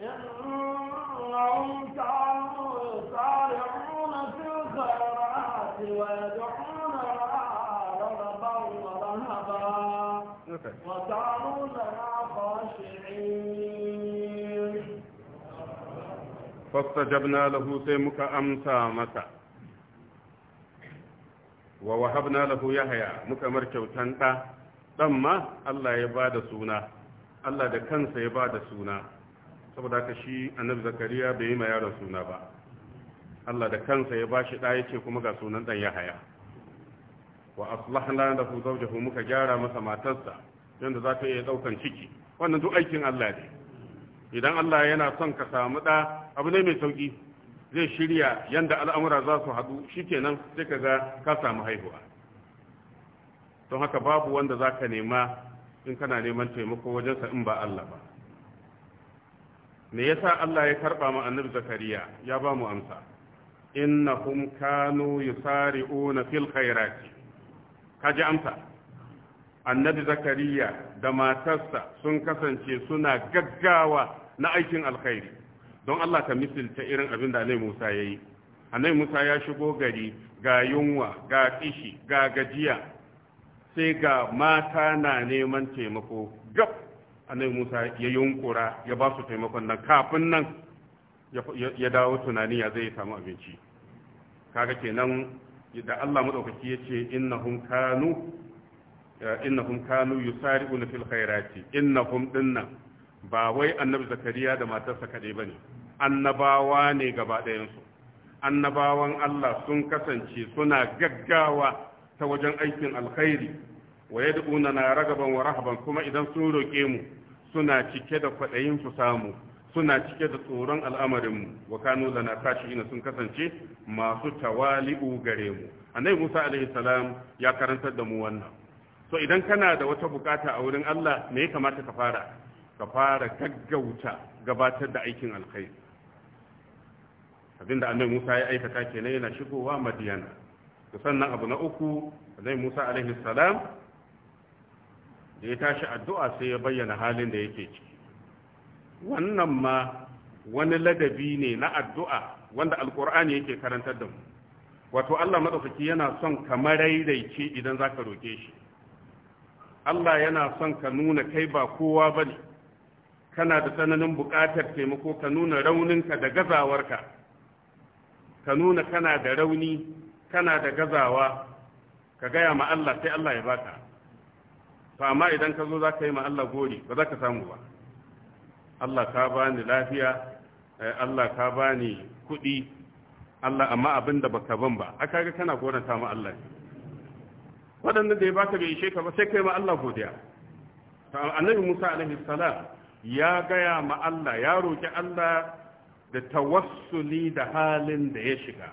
إنهم كانوا يسارعون في الخيرات ويدعوننا رغبا ورهبا وكانوا لنا خاشعين فاستجبنا له سيمك أمسى مكة wa wahabna lahu yahya muka mar kyautan da Ɗan ma Allah ya bada suna Allah da kansa ya ba da suna saboda haka shi annabi zakariya bai yi ma yaron suna ba Allah da kansa ya ba shi ɗa ya ce kuma ga sunan ɗan ya haya wa aslahna zauje zawjahu muka gyara masa matarsa yanda za ta iya ɗaukan ciki wannan duk aikin Allah ne idan Allah yana son ka samu ɗa abu ne mai sauƙi zai shirya yanda al'amura za su haɗu shikenan sai ka ga ka samu haihuwa don haka babu wanda za ka nema in kana neman taimako wajensa in ba Allah ba me yasa Allah ya karba mu annabi zakariya ya ba mu amsa innahum kanu yusari'una fil khairati kaji amsa annabi zakariya da matarsa sun kasance suna gaggawa na aikin alkhairi don Allah ka misilta irin abin da Annabi Musa yi. Annabi Musa ya shigo gari ga yunwa ga kishi ga gajiya sai ga mata na neman taimako gab annabi Musa ya yunkura ya ba su taimakon nan kafin nan ya dawo tunani ya zai samu abinci kaga kenan da Allah madaukaki ya ce innahum kanu eh, innahum kanu yusari'una fil khairati innahum dinnan ba wai annabi zakariya da matarsa kaɗai bane annabawa ne gaba ɗayansu annabawan Allah sun kasance suna gaggawa ta wajen aikin alkhairi wa yad'una na ragaban wa rahaban kuma idan sun roke mu suna cike da kwaɗayin su samu suna cike da tsoron al'amarinmu wa kanu lana ina sun kasance masu tawali'u gare mu annabi Musa alaihi salam ya karantar da mu wannan To idan kana da wata bukata a wurin Allah me ya kamata ka fara ka fara gaggauta gabatar da aikin alkhairi abinda annabi Musa ya aikata kenan yana shigowa Madiyana sannan abu na uku zai musa alaihi salam da ya tashi addu'a sai ya bayyana halin da yake ciki wannan ma wani ladabi ne na addu'a wanda alkur'ani yake karantar da mu wato Allah matsafaki yana son ka maraidaici idan za ka roƙe shi Allah yana son ka nuna kai ba kowa ba ne kana da tsananin buƙatar taimako ka nuna rauninka da gazawarka ka nuna kana da rauni kana da gazawa ka gaya ma Allah sai Allah ya baka to amma idan ka zo za ka yi ma Allah gori ba za ka samu ba Allah ka bani lafiya eh, Allah ka bani kuɗi Allah amma abin da baka ban ba aka ga kana goranta ma Allah waɗannan da ya baka bai ishe ka ba sai kai ma Allah godiya annabi Musa alaihi salam ya gaya ma Allah ya roki Allah da tawassuli da halin da ya shiga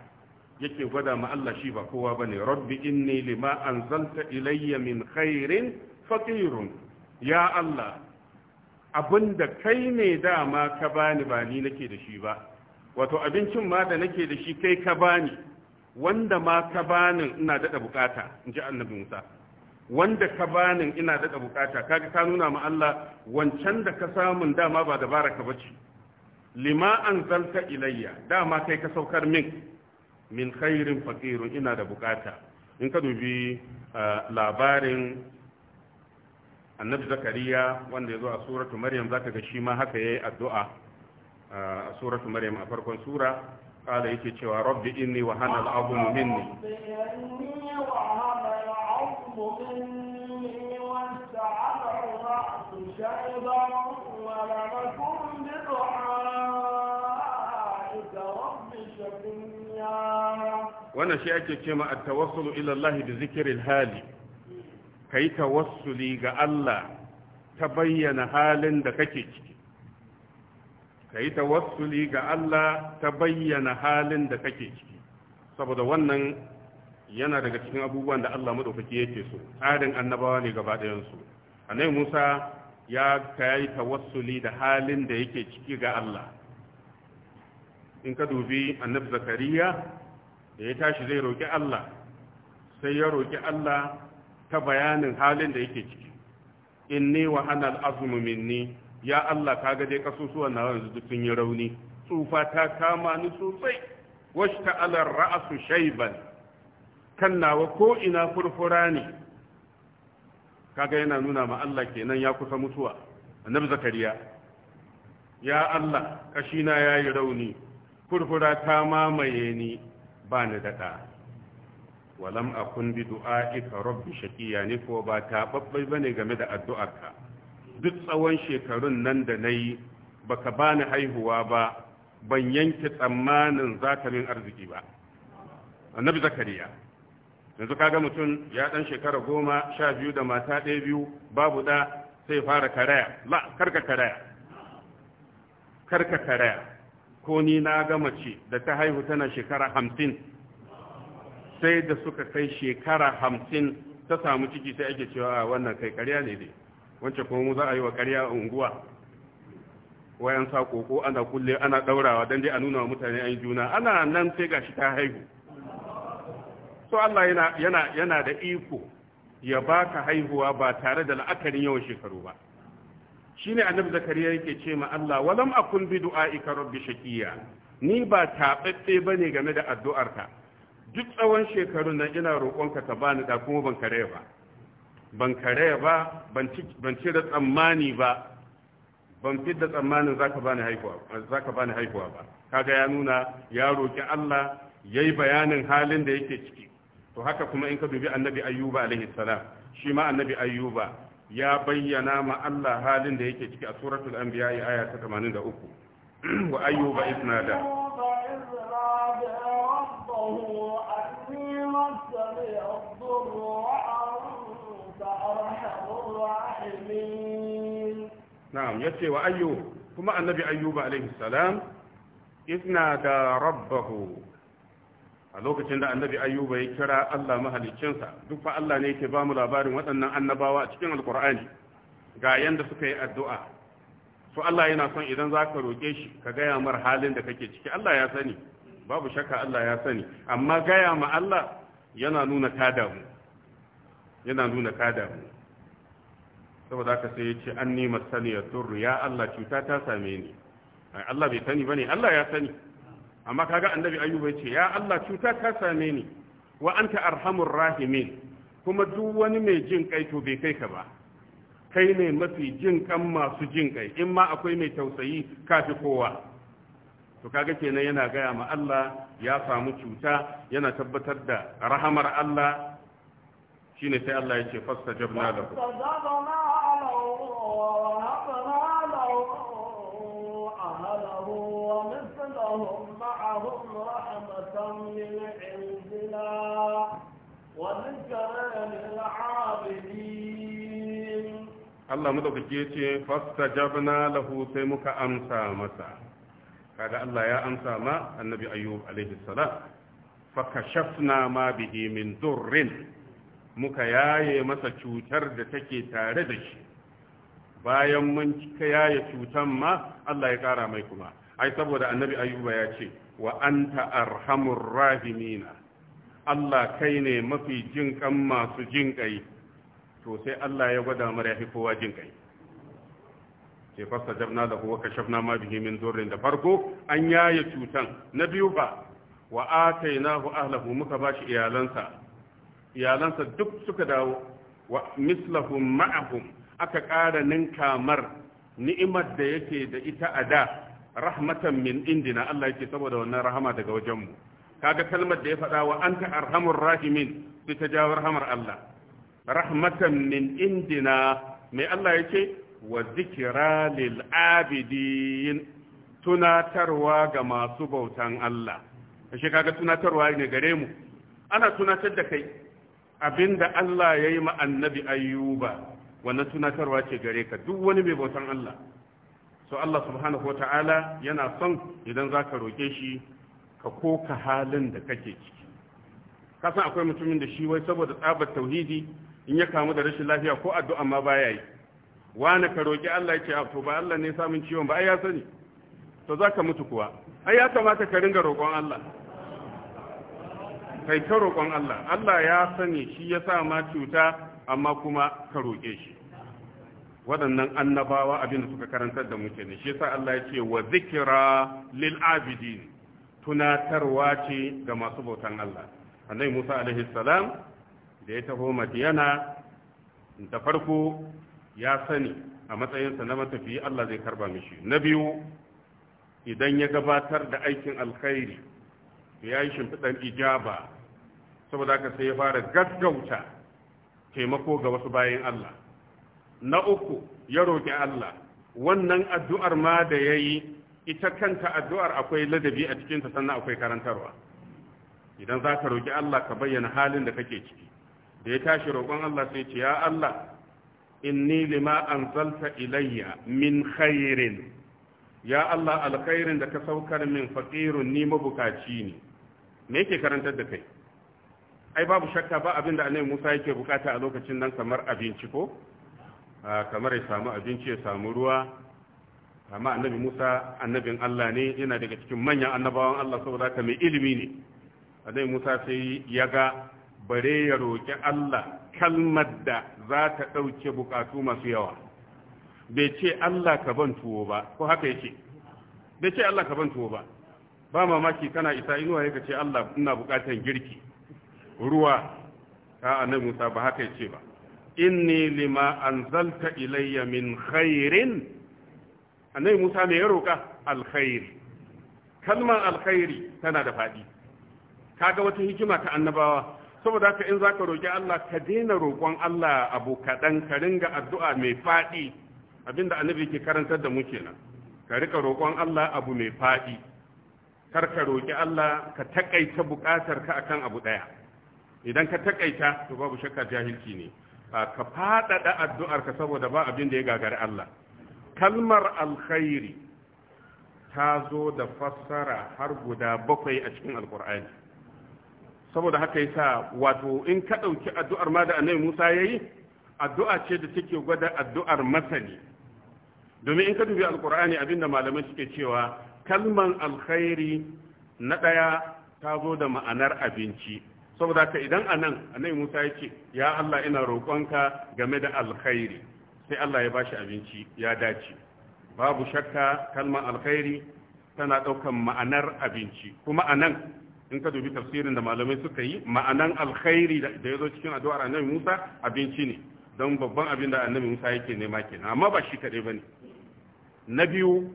yake gwada ma Allah shi ba kowa bane rabbi inni lima anzalta ilayya min khairin faqirun ya Allah abinda kai ne dama ka bani ba ni nake da shi ba wato abincin ma da nake da shi kai ka bani wanda ma ka bani ina dada bukata ji annabi Musa wanda ka bani ina dada bukata kaga ka nuna ma Allah wancan da ka samun dama ba dabara ka bace lima anzalta ilayya dama kai ka saukar min min khairin fakiru ina da bukata in ka dubi labarin annabi zakariya wanda ya zo a suratu maryam zaka ga shi ma haka yayi addu'a a suratu maryam a farkon sura kala yake cewa rabbi inni wa hana al'azmu minni وَلَمَكُ wannan shi ake ce ma at-tawassulu ila Allah bi zikril hali kai tawassuli ga Allah ta bayyana halin da kake ciki kai tawassuli ga Allah ta bayyana halin da kake ciki saboda wannan yana daga cikin abubuwan da Allah madaukaki yake so tsarin annabawa ne gaba da yansu annabi Musa ya kai tawassuli da halin da yake ciki ga Allah in ka dubi annabi Zakariya da ya tashi zai roƙi Allah sai ya roƙi Allah ta bayanin halin da yake ciki inni wa ana al'azumu minni ya Allah ka ga dai kasusuwan na yanzu duk sun yi rauni tsufa ta kama ni sosai wasu ta'alar ra'asu shaiban kan nawa ko ina furfura ne kaga yana nuna ma Allah kenan ya kusa mutuwa annabi zakariya ya Allah kashina yayi rauni furfura ta mamaye ni ba ni da walam akun bi du'a'ika rabbi shaqiya ne ko ba ta babbai bane game da addu'arka duk tsawon shekarun nan da nayi baka bani haihuwa ba ban yanke tsammanin zakarin arziki ba annabi zakariya yanzu kaga mutum ya dan shekara goma sha biyu da mata ɗaya biyu babu da sai fara karaya la karka karaya karka karaya ko ni na ga mace da ta haihu tana shekara hamsin sai da suka kai shekara hamsin ta samu ciki sai ake cewa a wannan kai karya ne dai wancan kuma mu za a yi wa karya a unguwa wayan sa koko ana kulle ana daurawa don dai a nuna wa mutane an juna ana nan sai ga shi ta haihu so Allah yana yana da iko ya baka haihuwa ba tare da la'akarin yawan shekaru ba Shi ne annabi zakariya yake ce ma Allah walam akun bi du'aika rabbi shakiya ni ba taɓaɓɓe ne game da addu'arka duk tsawon shekarun nan ina roƙonka ka bani da kuma ban kare ba ban kare ba ban cire tsammani ba ban fi da tsammanin zaka bani haihuwa zaka bani haihuwa ba kaga ya nuna ya roki Allah yayi bayanin halin da yake ciki to haka kuma in ka dubi annabi ayyuba alaihi salam shi ma annabi ayyuba ya bayyana ma Allah halin da yake ciki a suratul anbiya aya ta 83 wa ayyuba isnada na'am yace wa ayyub kuma annabi ayyuba alayhi salam isnada rabbahu a lokacin da annabi ayyuba ya kira Allah mahalicinsa duk fa Allah ne yake ba mu labarin waɗannan annabawa a cikin alkur'ani ga yanda suka yi addu'a so Allah yana son idan za ka roƙe shi ka gaya mar halin da kake ciki Allah ya sani babu shakka Allah ya sani amma gaya ma Allah yana nuna ka damu yana nuna ka damu saboda haka sai ya ce an ni masani ya Allah cuta ta same ni Allah bai sani bane Allah ya sani amma kaga annabi ayyuba yace ya Allah cuta ta same ni wa anta arhamur rahimin kuma duk wani mai jin kai to bai kai ka ba kai ne mafi jin kan masu jin kai in ma akwai mai tausayi kafi kowa to kaga kenan yana gaya ma Allah ya samu cuta yana tabbatar da rahamar Allah shine sai Allah ya ce fastajabna lahu فَأَهْلَهُ لهم رحمة من عندنا وذكرى للعابدين الله madaukaki ya فاستجبنا له سيمك sai مسا amsa الله يا Allah ما النبي أيوب عليه ayyub فكشفنا ما به من bihi muka yaye masa cutar da take tare da shi bayan mun yaye cutan ma Allah ya kara mai kuma ai saboda annabi ayuba ya ce wa anta arhamur rahimina Allah kai ne mafi jinƙan masu jinƙai to sai Allah ya gwada mara yafi kowa jinƙai sai fasta jabna da kuwa kashafna ma bihi min durrin da farko an yaya cutan na biyu ba wa atainahu ahlahu muka bashi iyalansa iyalansa duk suka dawo wa mislahum ma'ahum aka ƙara ninkamar ni'imar da yake da ita a da rahmatan min indina Allah yake saboda wannan rahama daga wajenmu kaga kalmar da ya faɗa wa anta arhamur rahimin sai ta jawo rahamar Allah rahmatan min indina mai Allah yake wa zikira lil abidin tunatarwa ga masu bautan Allah ashe kaga tunatarwa ne gare mu ana tunatar da kai abinda Allah ya yi ma annabi ayyuba wannan tunatarwa ce gare ka duk wani mai bautan Allah so Allah subhanahu ta'ala yana son idan za ka roƙe shi ka koka halin da kake ciki kasan akwai mutumin da shi wai saboda tsabar tauhidi in ya kamu da rashin lafiya ko addu'a ma ya yi wani ka roƙi Allah ya ce a to ba Allah ne samun ciwon ba ai ya sani to za ka mutu kuwa ai ya kamata ka ringa roƙon Allah kai ka roƙon Allah Allah ya sani shi ya sa ma cuta amma kuma ka roƙe shi waɗannan annabawa abin da suka karantar da muke ne shi yasa Allah ya ce wa zikira lil abidin tunatarwa ce ga masu bautan Allah annabi Musa alaihi salam da ya taho Madiyana da farko ya sani a matsayinsa na matafiyi Allah zai karba mishi na biyu idan ya gabatar da aikin alkhairi ya yi shimfiɗan ijaba saboda haka sai ya fara gaggauta taimako ga wasu bayan Allah na uku ya roƙi Allah wannan addu'ar ma da ya yi ita kanta addu'ar akwai ladabi a cikinta sannan akwai karantarwa idan za ka roƙi Allah ka bayyana halin da kake ciki da ya tashi roƙon Allah sai ce ya Allah inni lima anzalta ilayya min khairin ya Allah alkhairin da ka saukar min faqirun ni mabukaci ne me yake karantar da kai ai babu shakka ba abin da annabi Musa yake bukata a lokacin nan kamar abinci ko kamar ya samu abinci ya samu ruwa amma annabi musa annabin allah ne yana daga cikin manyan annabawan allah saboda ka mai ilimi ne annabi musa sai ya ga bare ya roƙi allah kalmar da za ta ɗauke buƙatu masu yawa bai ce allah ka ban tuwo ba ko haka yake bai ce allah ka ban tuwo ba ba mamaki kana isa inuwa ya ce allah ina bukatar girki ruwa a annabi musa ba haka yake ba inni lima anzalta ilayya min khairin annabi Musa ne ya roka alkhairi kalmar alkhairi tana da fadi kaga wata hikima ta annabawa saboda ka in zaka roki Allah ka daina roƙon Allah abu kaɗan ka ringa addu'a mai faɗi, abinda annabi ke karantar da mu kenan ka rika roƙon Allah abu mai fadi kar ka roki Allah ka takaita buƙatar ka akan abu ɗaya idan ka takaita to babu shakka jahilci ne ka faɗaɗa addu'arka saboda ba abin da ya gagari Allah kalmar alkhairi ta zo da fassara har guda bakwai a cikin alkur'ani saboda haka yasa wato in ka ɗauki addu'ar ma da annabi Musa ya yi addu'a ce da take gwada addu'ar masani domin in ka dubi alkur'ani abinda malamai suke cewa kalmar alkhairi na ɗaya ta zo da ma'anar abinci saboda ka idan anan annabi Musa ya ce ya Allah ina roƙonka game da alkhairi sai Allah ya bashi abinci ya dace babu shakka kalmar alkhairi tana ɗaukan ma'anar abinci kuma anan in ka dubi tafsirin da malamai suka yi ma'anan alkhairi da ya zo cikin addu'ar annabi Musa abinci ne don babban abin da annabi Musa yake nema kenan amma ba shi kaɗai ba ne, na biyu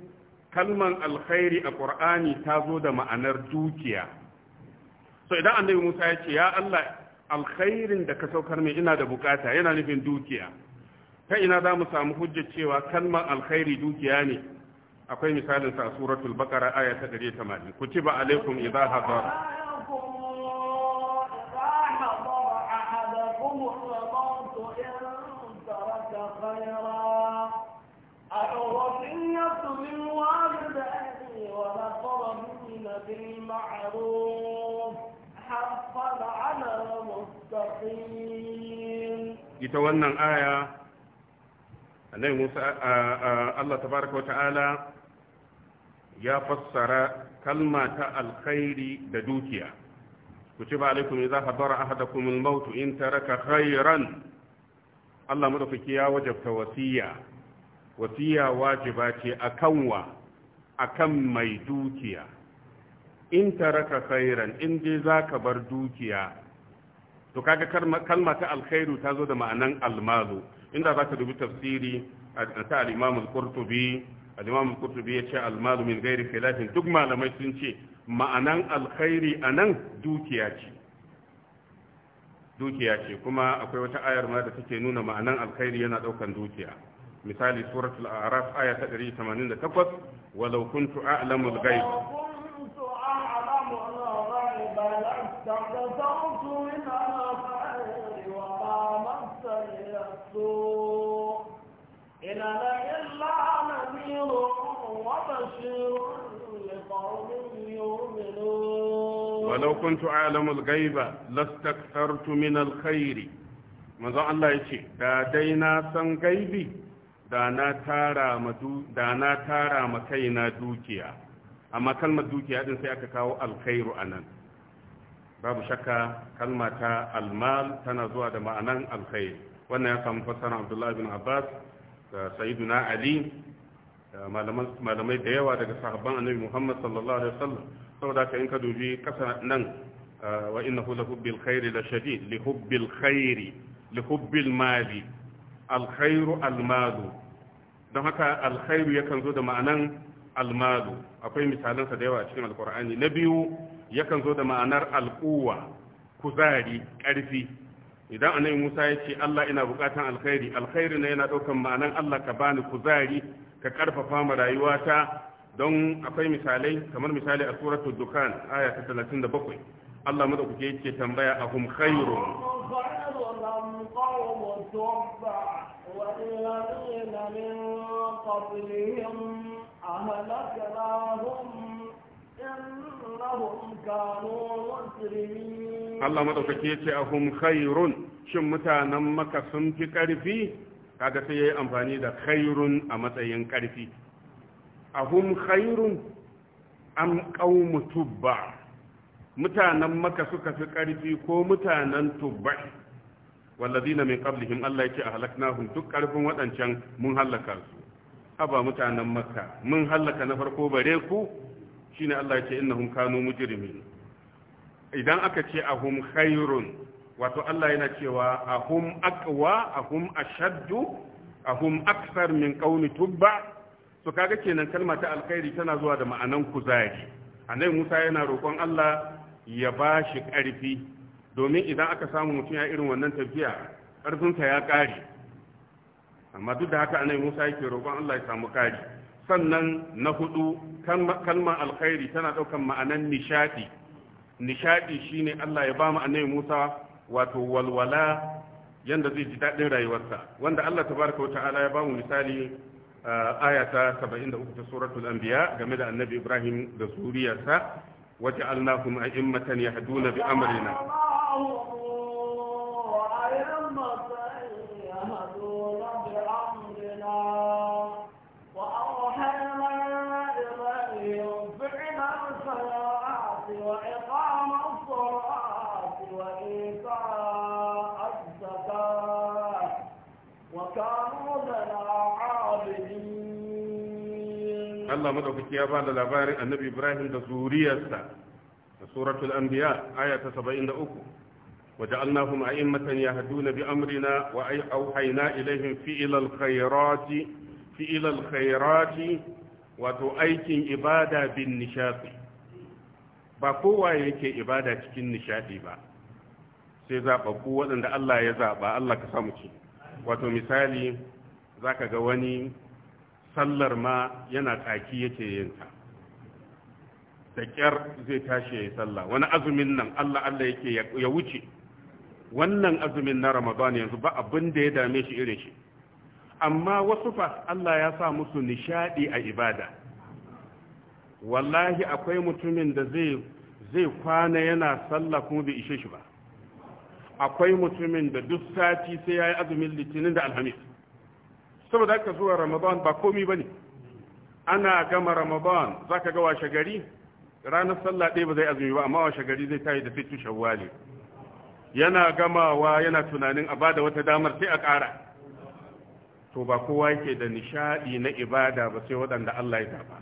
kalman alkhairi a Qur'ani ta zo da ma'anar dukiya so idan annabi Musa ya ce ya Allah alkhairin da ka saukar mai ina da bukata yana nufin dukiya ta ina za mu samu hujjar cewa kalmar alkhairi dukiya ne akwai misalin sa suratul baqara aya ta 180 kutiba alaikum idha hadar بالمعروف ita wannan aya annabi Musa Allah tabaraka wata'ala ya fassara kalma ta alkhairi da dukiya kutiba alaikum idza hadara ahadakum al-maut in taraka khairan Allah madaukaki ya wajabta wasiya wasiya wajiba ce akan wa akan mai dukiya in taraka khairan in dai zaka bar dukiya to kaga kalma ta alkhairu ta zo da ma'anan almazu inda ka dubi tafsiri ta al-Imam al-Qurtubi al-Imam al-Qurtubi ya ce almazu min ghairi khilafin duk malamai sun ce ma'anan alkhairi anan dukiya ce dukiya ce kuma akwai wata ayar ma da take nuna ma'anan alkhairi yana daukan dukiya misali suratul a'raf aya ta 188 walau kuntu a'lamul ghaib استحدثت من الخير وما مسني السوء إن إلا نذير وبشير لقوم يؤمنون ولو كنت أعلم الغيب لاستكثرت من الخير manzo Allah ya ce da dai na san gaibi da na tara ma da na tara ma kaina dukiya amma kalmar dukiya din sai aka kawo alkhairu anan babu shakka kalma ta almal tana zuwa da ma'anan alkhair wannan ya samu fassara abdullahi bin abbas da sayyiduna ali malamai da yawa daga sahabban annabi muhammad sallallahu alaihi wasallam saboda ka in ka dubi kasa nan wa innahu lahubbil khairi la shadid li hubbil khairi li hubbil mali alkhairu almalu don haka alkhairu yakan zo da ma'anar almalu akwai misalansa da yawa a cikin alkur'ani na biyu yakan zo da ma'anar alƙuwa kuzari ƙarfi idan annabi Musa ya ce Allah ina bukatan alkhairi alkhairi ne yana ɗaukan ma'anar Allah ka bani kuzari ka ƙarfafa ma rayuwata don akwai misalai kamar misali a suratul dukan aya ta 37 Allah madaukake yake tambaya ahum khairu والذين من قبلهم أهلكناهم Allah madaukake ya ce ahum khairun shin mutanen maka sun fi ƙarfi kaga sai ya yi amfani da khairun a matsayin ƙarfi ahum khairun am qaumu tubba mutanen maka suka fi ƙarfi ko mutanen tubba walladina min qablihim Allah yake ahlaknahum duk ƙarfin waɗancan mun halaka su haba mutanen maka mun halaka na farko bare ku shine Allah yake innahum kanu mujrimin idan aka ce ahum khairun wato Allah yana cewa ahum aqwa ahum ashaddu ahum akthar min qawmi tubba to kaga kenan kalma ta alkhairi tana zuwa da ma'anan kuzari annabi Musa yana roƙon Allah ya bashi ƙarfi domin idan aka samu mutum ya irin wannan tafiya ƙarfinsa ya ƙare amma duk da haka annabi Musa yake roƙon Allah ya samu ƙarfi sannan na hudu kalma alkhairi tana daukan ma'anan nishadi nishadi shine Allah ya ba mu annabi Musa wato walwala yanda zai ji dadin rayuwarsa wanda Allah tabaraka wa ta'ala ya ba mu misali uh, ayata 73 ta suratul anbiya game da annabi Ibrahim da zuriyarsa waja'alnahum a'immatan yahduna bi amrina Allah madaukaki ya bada labarin annabi Ibrahim da zuriyarsa a suratul anbiya aya ta 73 waja'alnahum a'immatan yahduna bi amrina wa auhayna ilaihim fi'ila alkhairati fi'ila alkhairati wato aikin ibada bin nishadi ba kowa yake ibada cikin nishadi ba sai zaɓaɓɓu waɗanda Allah ya zaɓa Allah ka samu ci wato misali zaka ga wani sallar ma yana tsaki yake yin ta da ƙyar zai tashi ya yi sallah wani azumin nan Allah Allah yake ya wuce wannan azumin na Ramadan yanzu ba abin da ya dame shi irin shi amma wasu fa Allah ya sa musu nishadi a ibada wallahi akwai mutumin da zai zai kwana yana sallah kuma bai ishe shi ba akwai mutumin da duk sati sai ya yi azumin litinin da alhamis saboda haka zuwa ramadan ba komi ba ne ana gama ramadan za ka ga washe ranar sallah ɗaya ba zai azumi ba amma washe gari zai tayi da fitu shawwali yana gamawa yana tunanin a bada wata damar sai a ƙara to ba kowa yake da nishaɗi na ibada ba sai waɗanda Allah ya zaba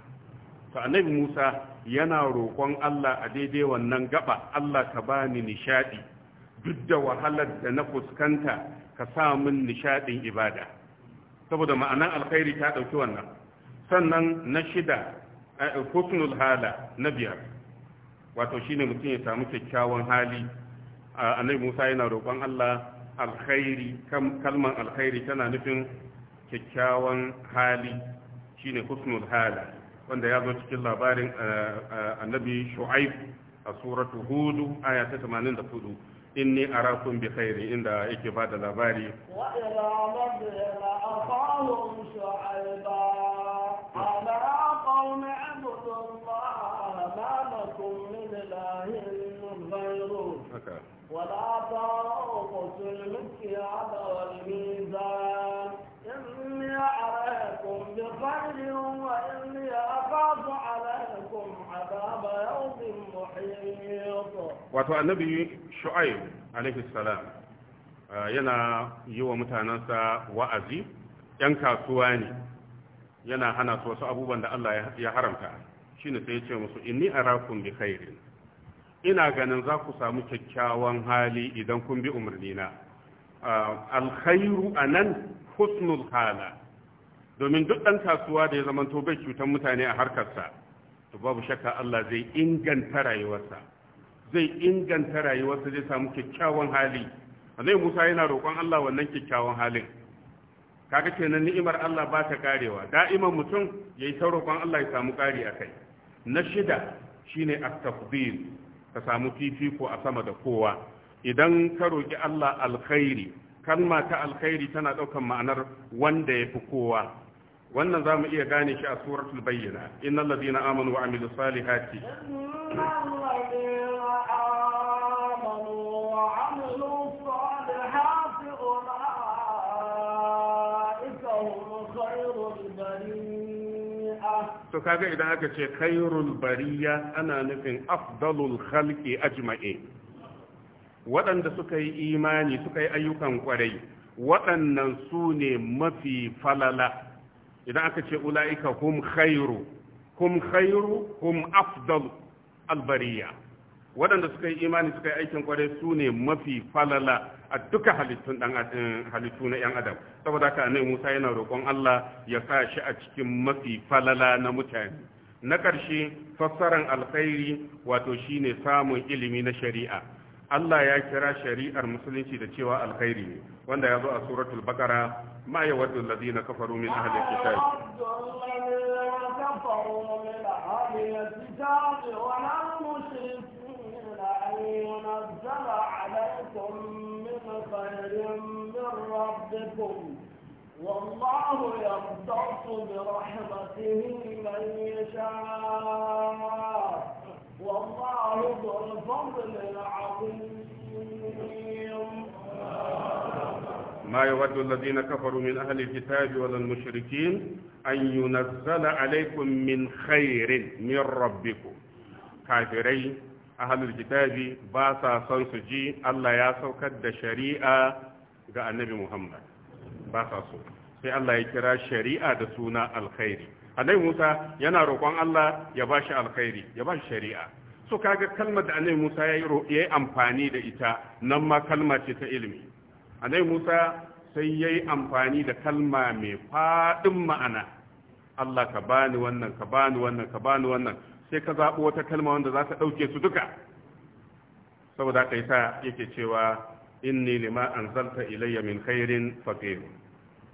to annabi Musa yana roƙon Allah a daidai wannan gaba Allah ka bani nishaɗi duk da wahalar da na fuskanta ka sa min nishaɗin ibada saboda ma'anan alkhairi ta ɗauki wannan sannan na shida eh, husnul hala na biyar wato shine mutum ya samu kyakkyawan hali annabi Musa yana roƙon Allah alkhairi kalman alkhairi tana nufin kyakkyawan hali shine husnul hala wanda ya zo cikin labarin eh, eh, annabi Shu'aib a suratu hudu aya ta 84 inni arakum bi khairin inda yake ba da labari wa ila madina akhahum shu'aiba qala ya qaumi ibudu allaha ma lakum فعلوا وإني أخاف عليكم عذاب يوم محيط وتو النبي شعيب عليه السلام yana yi wa mutanensa wa'azi ‘yan kasuwa ne yana hana su wasu abubuwan da Allah ya haramta shi ne sai ya ce musu inni arakun bi khairin ina ganin za ku samu kyakkyawan hali idan kun bi umarnina alkhairu a nan husnul hala domin duk ɗan kasuwa da ya zamanto bai cutar mutane a harkarsa to babu shakka Allah zai inganta rayuwarsa zai inganta rayuwarsa zai samu kyakkyawan hali annabi Musa yana roƙon Allah wannan kyakkyawan halin kaga kenan ni'imar Allah ba ta karewa da'iman mutum yayi ta roƙon Allah ya samu kari akai na shida shine at-tafdil ka samu fifiko a sama da kowa idan ka roƙi Allah alkhairi kalma ta alkhairi tana ɗaukar ma'anar wanda ya fi kowa wannan za mu iya gane shi a suratul bayyana innal ladina amanu wa amilus salihati to kaga idan aka ce khairul bariya ana nufin afdalul khalqi Ajma'i, waɗanda suka yi imani suka yi ayyukan kwarai waɗannan su ne mafi falala idan aka ce ula'ika hum khairu hum khairu hum afdal albariya waɗanda suka yi imani suka yi aikin kwarai su ne mafi falala a duka halittun eh, halittu na 'yan adam saboda haka annabi musa yana roƙon allah ya sa shi a cikin mafi falala na mutane na ƙarshe fassaran alkhairi wato shine samun ilimi na shari'a Allah ya kira shari'ar musulunci da cewa alkhairi ne wanda ya zo a suratul baqara ma yawaddu allazina kafaru min ahli kitab والله يختص برحمته من يشاء والله ذو الفضل العظيم ما يود الذين كفروا من أهل الكتاب ولا المشركين أن ينزل عليكم من خير من ربكم كافرين أهل الكتاب باسا سنسجي الله يسوك الشريعة ga annabi Muhammad ba sa so sai Allah ya kira shari'a da suna alkhairi annabi Musa yana roƙon Allah ya ba shi alkhairi ya ba shi shari'a so kaga kalmar da annabi Musa ya yi amfani da ita nan ma kalma ce ta ilimi annabi Musa sai ya yi amfani da kalma mai faɗin ma'ana Allah ka bani wannan ka bani wannan ka bani wannan sai ka zaɓi wata kalma wanda za ta ɗauke su duka saboda haka sa yake cewa inni lima anzalta ilayya min khairin faqir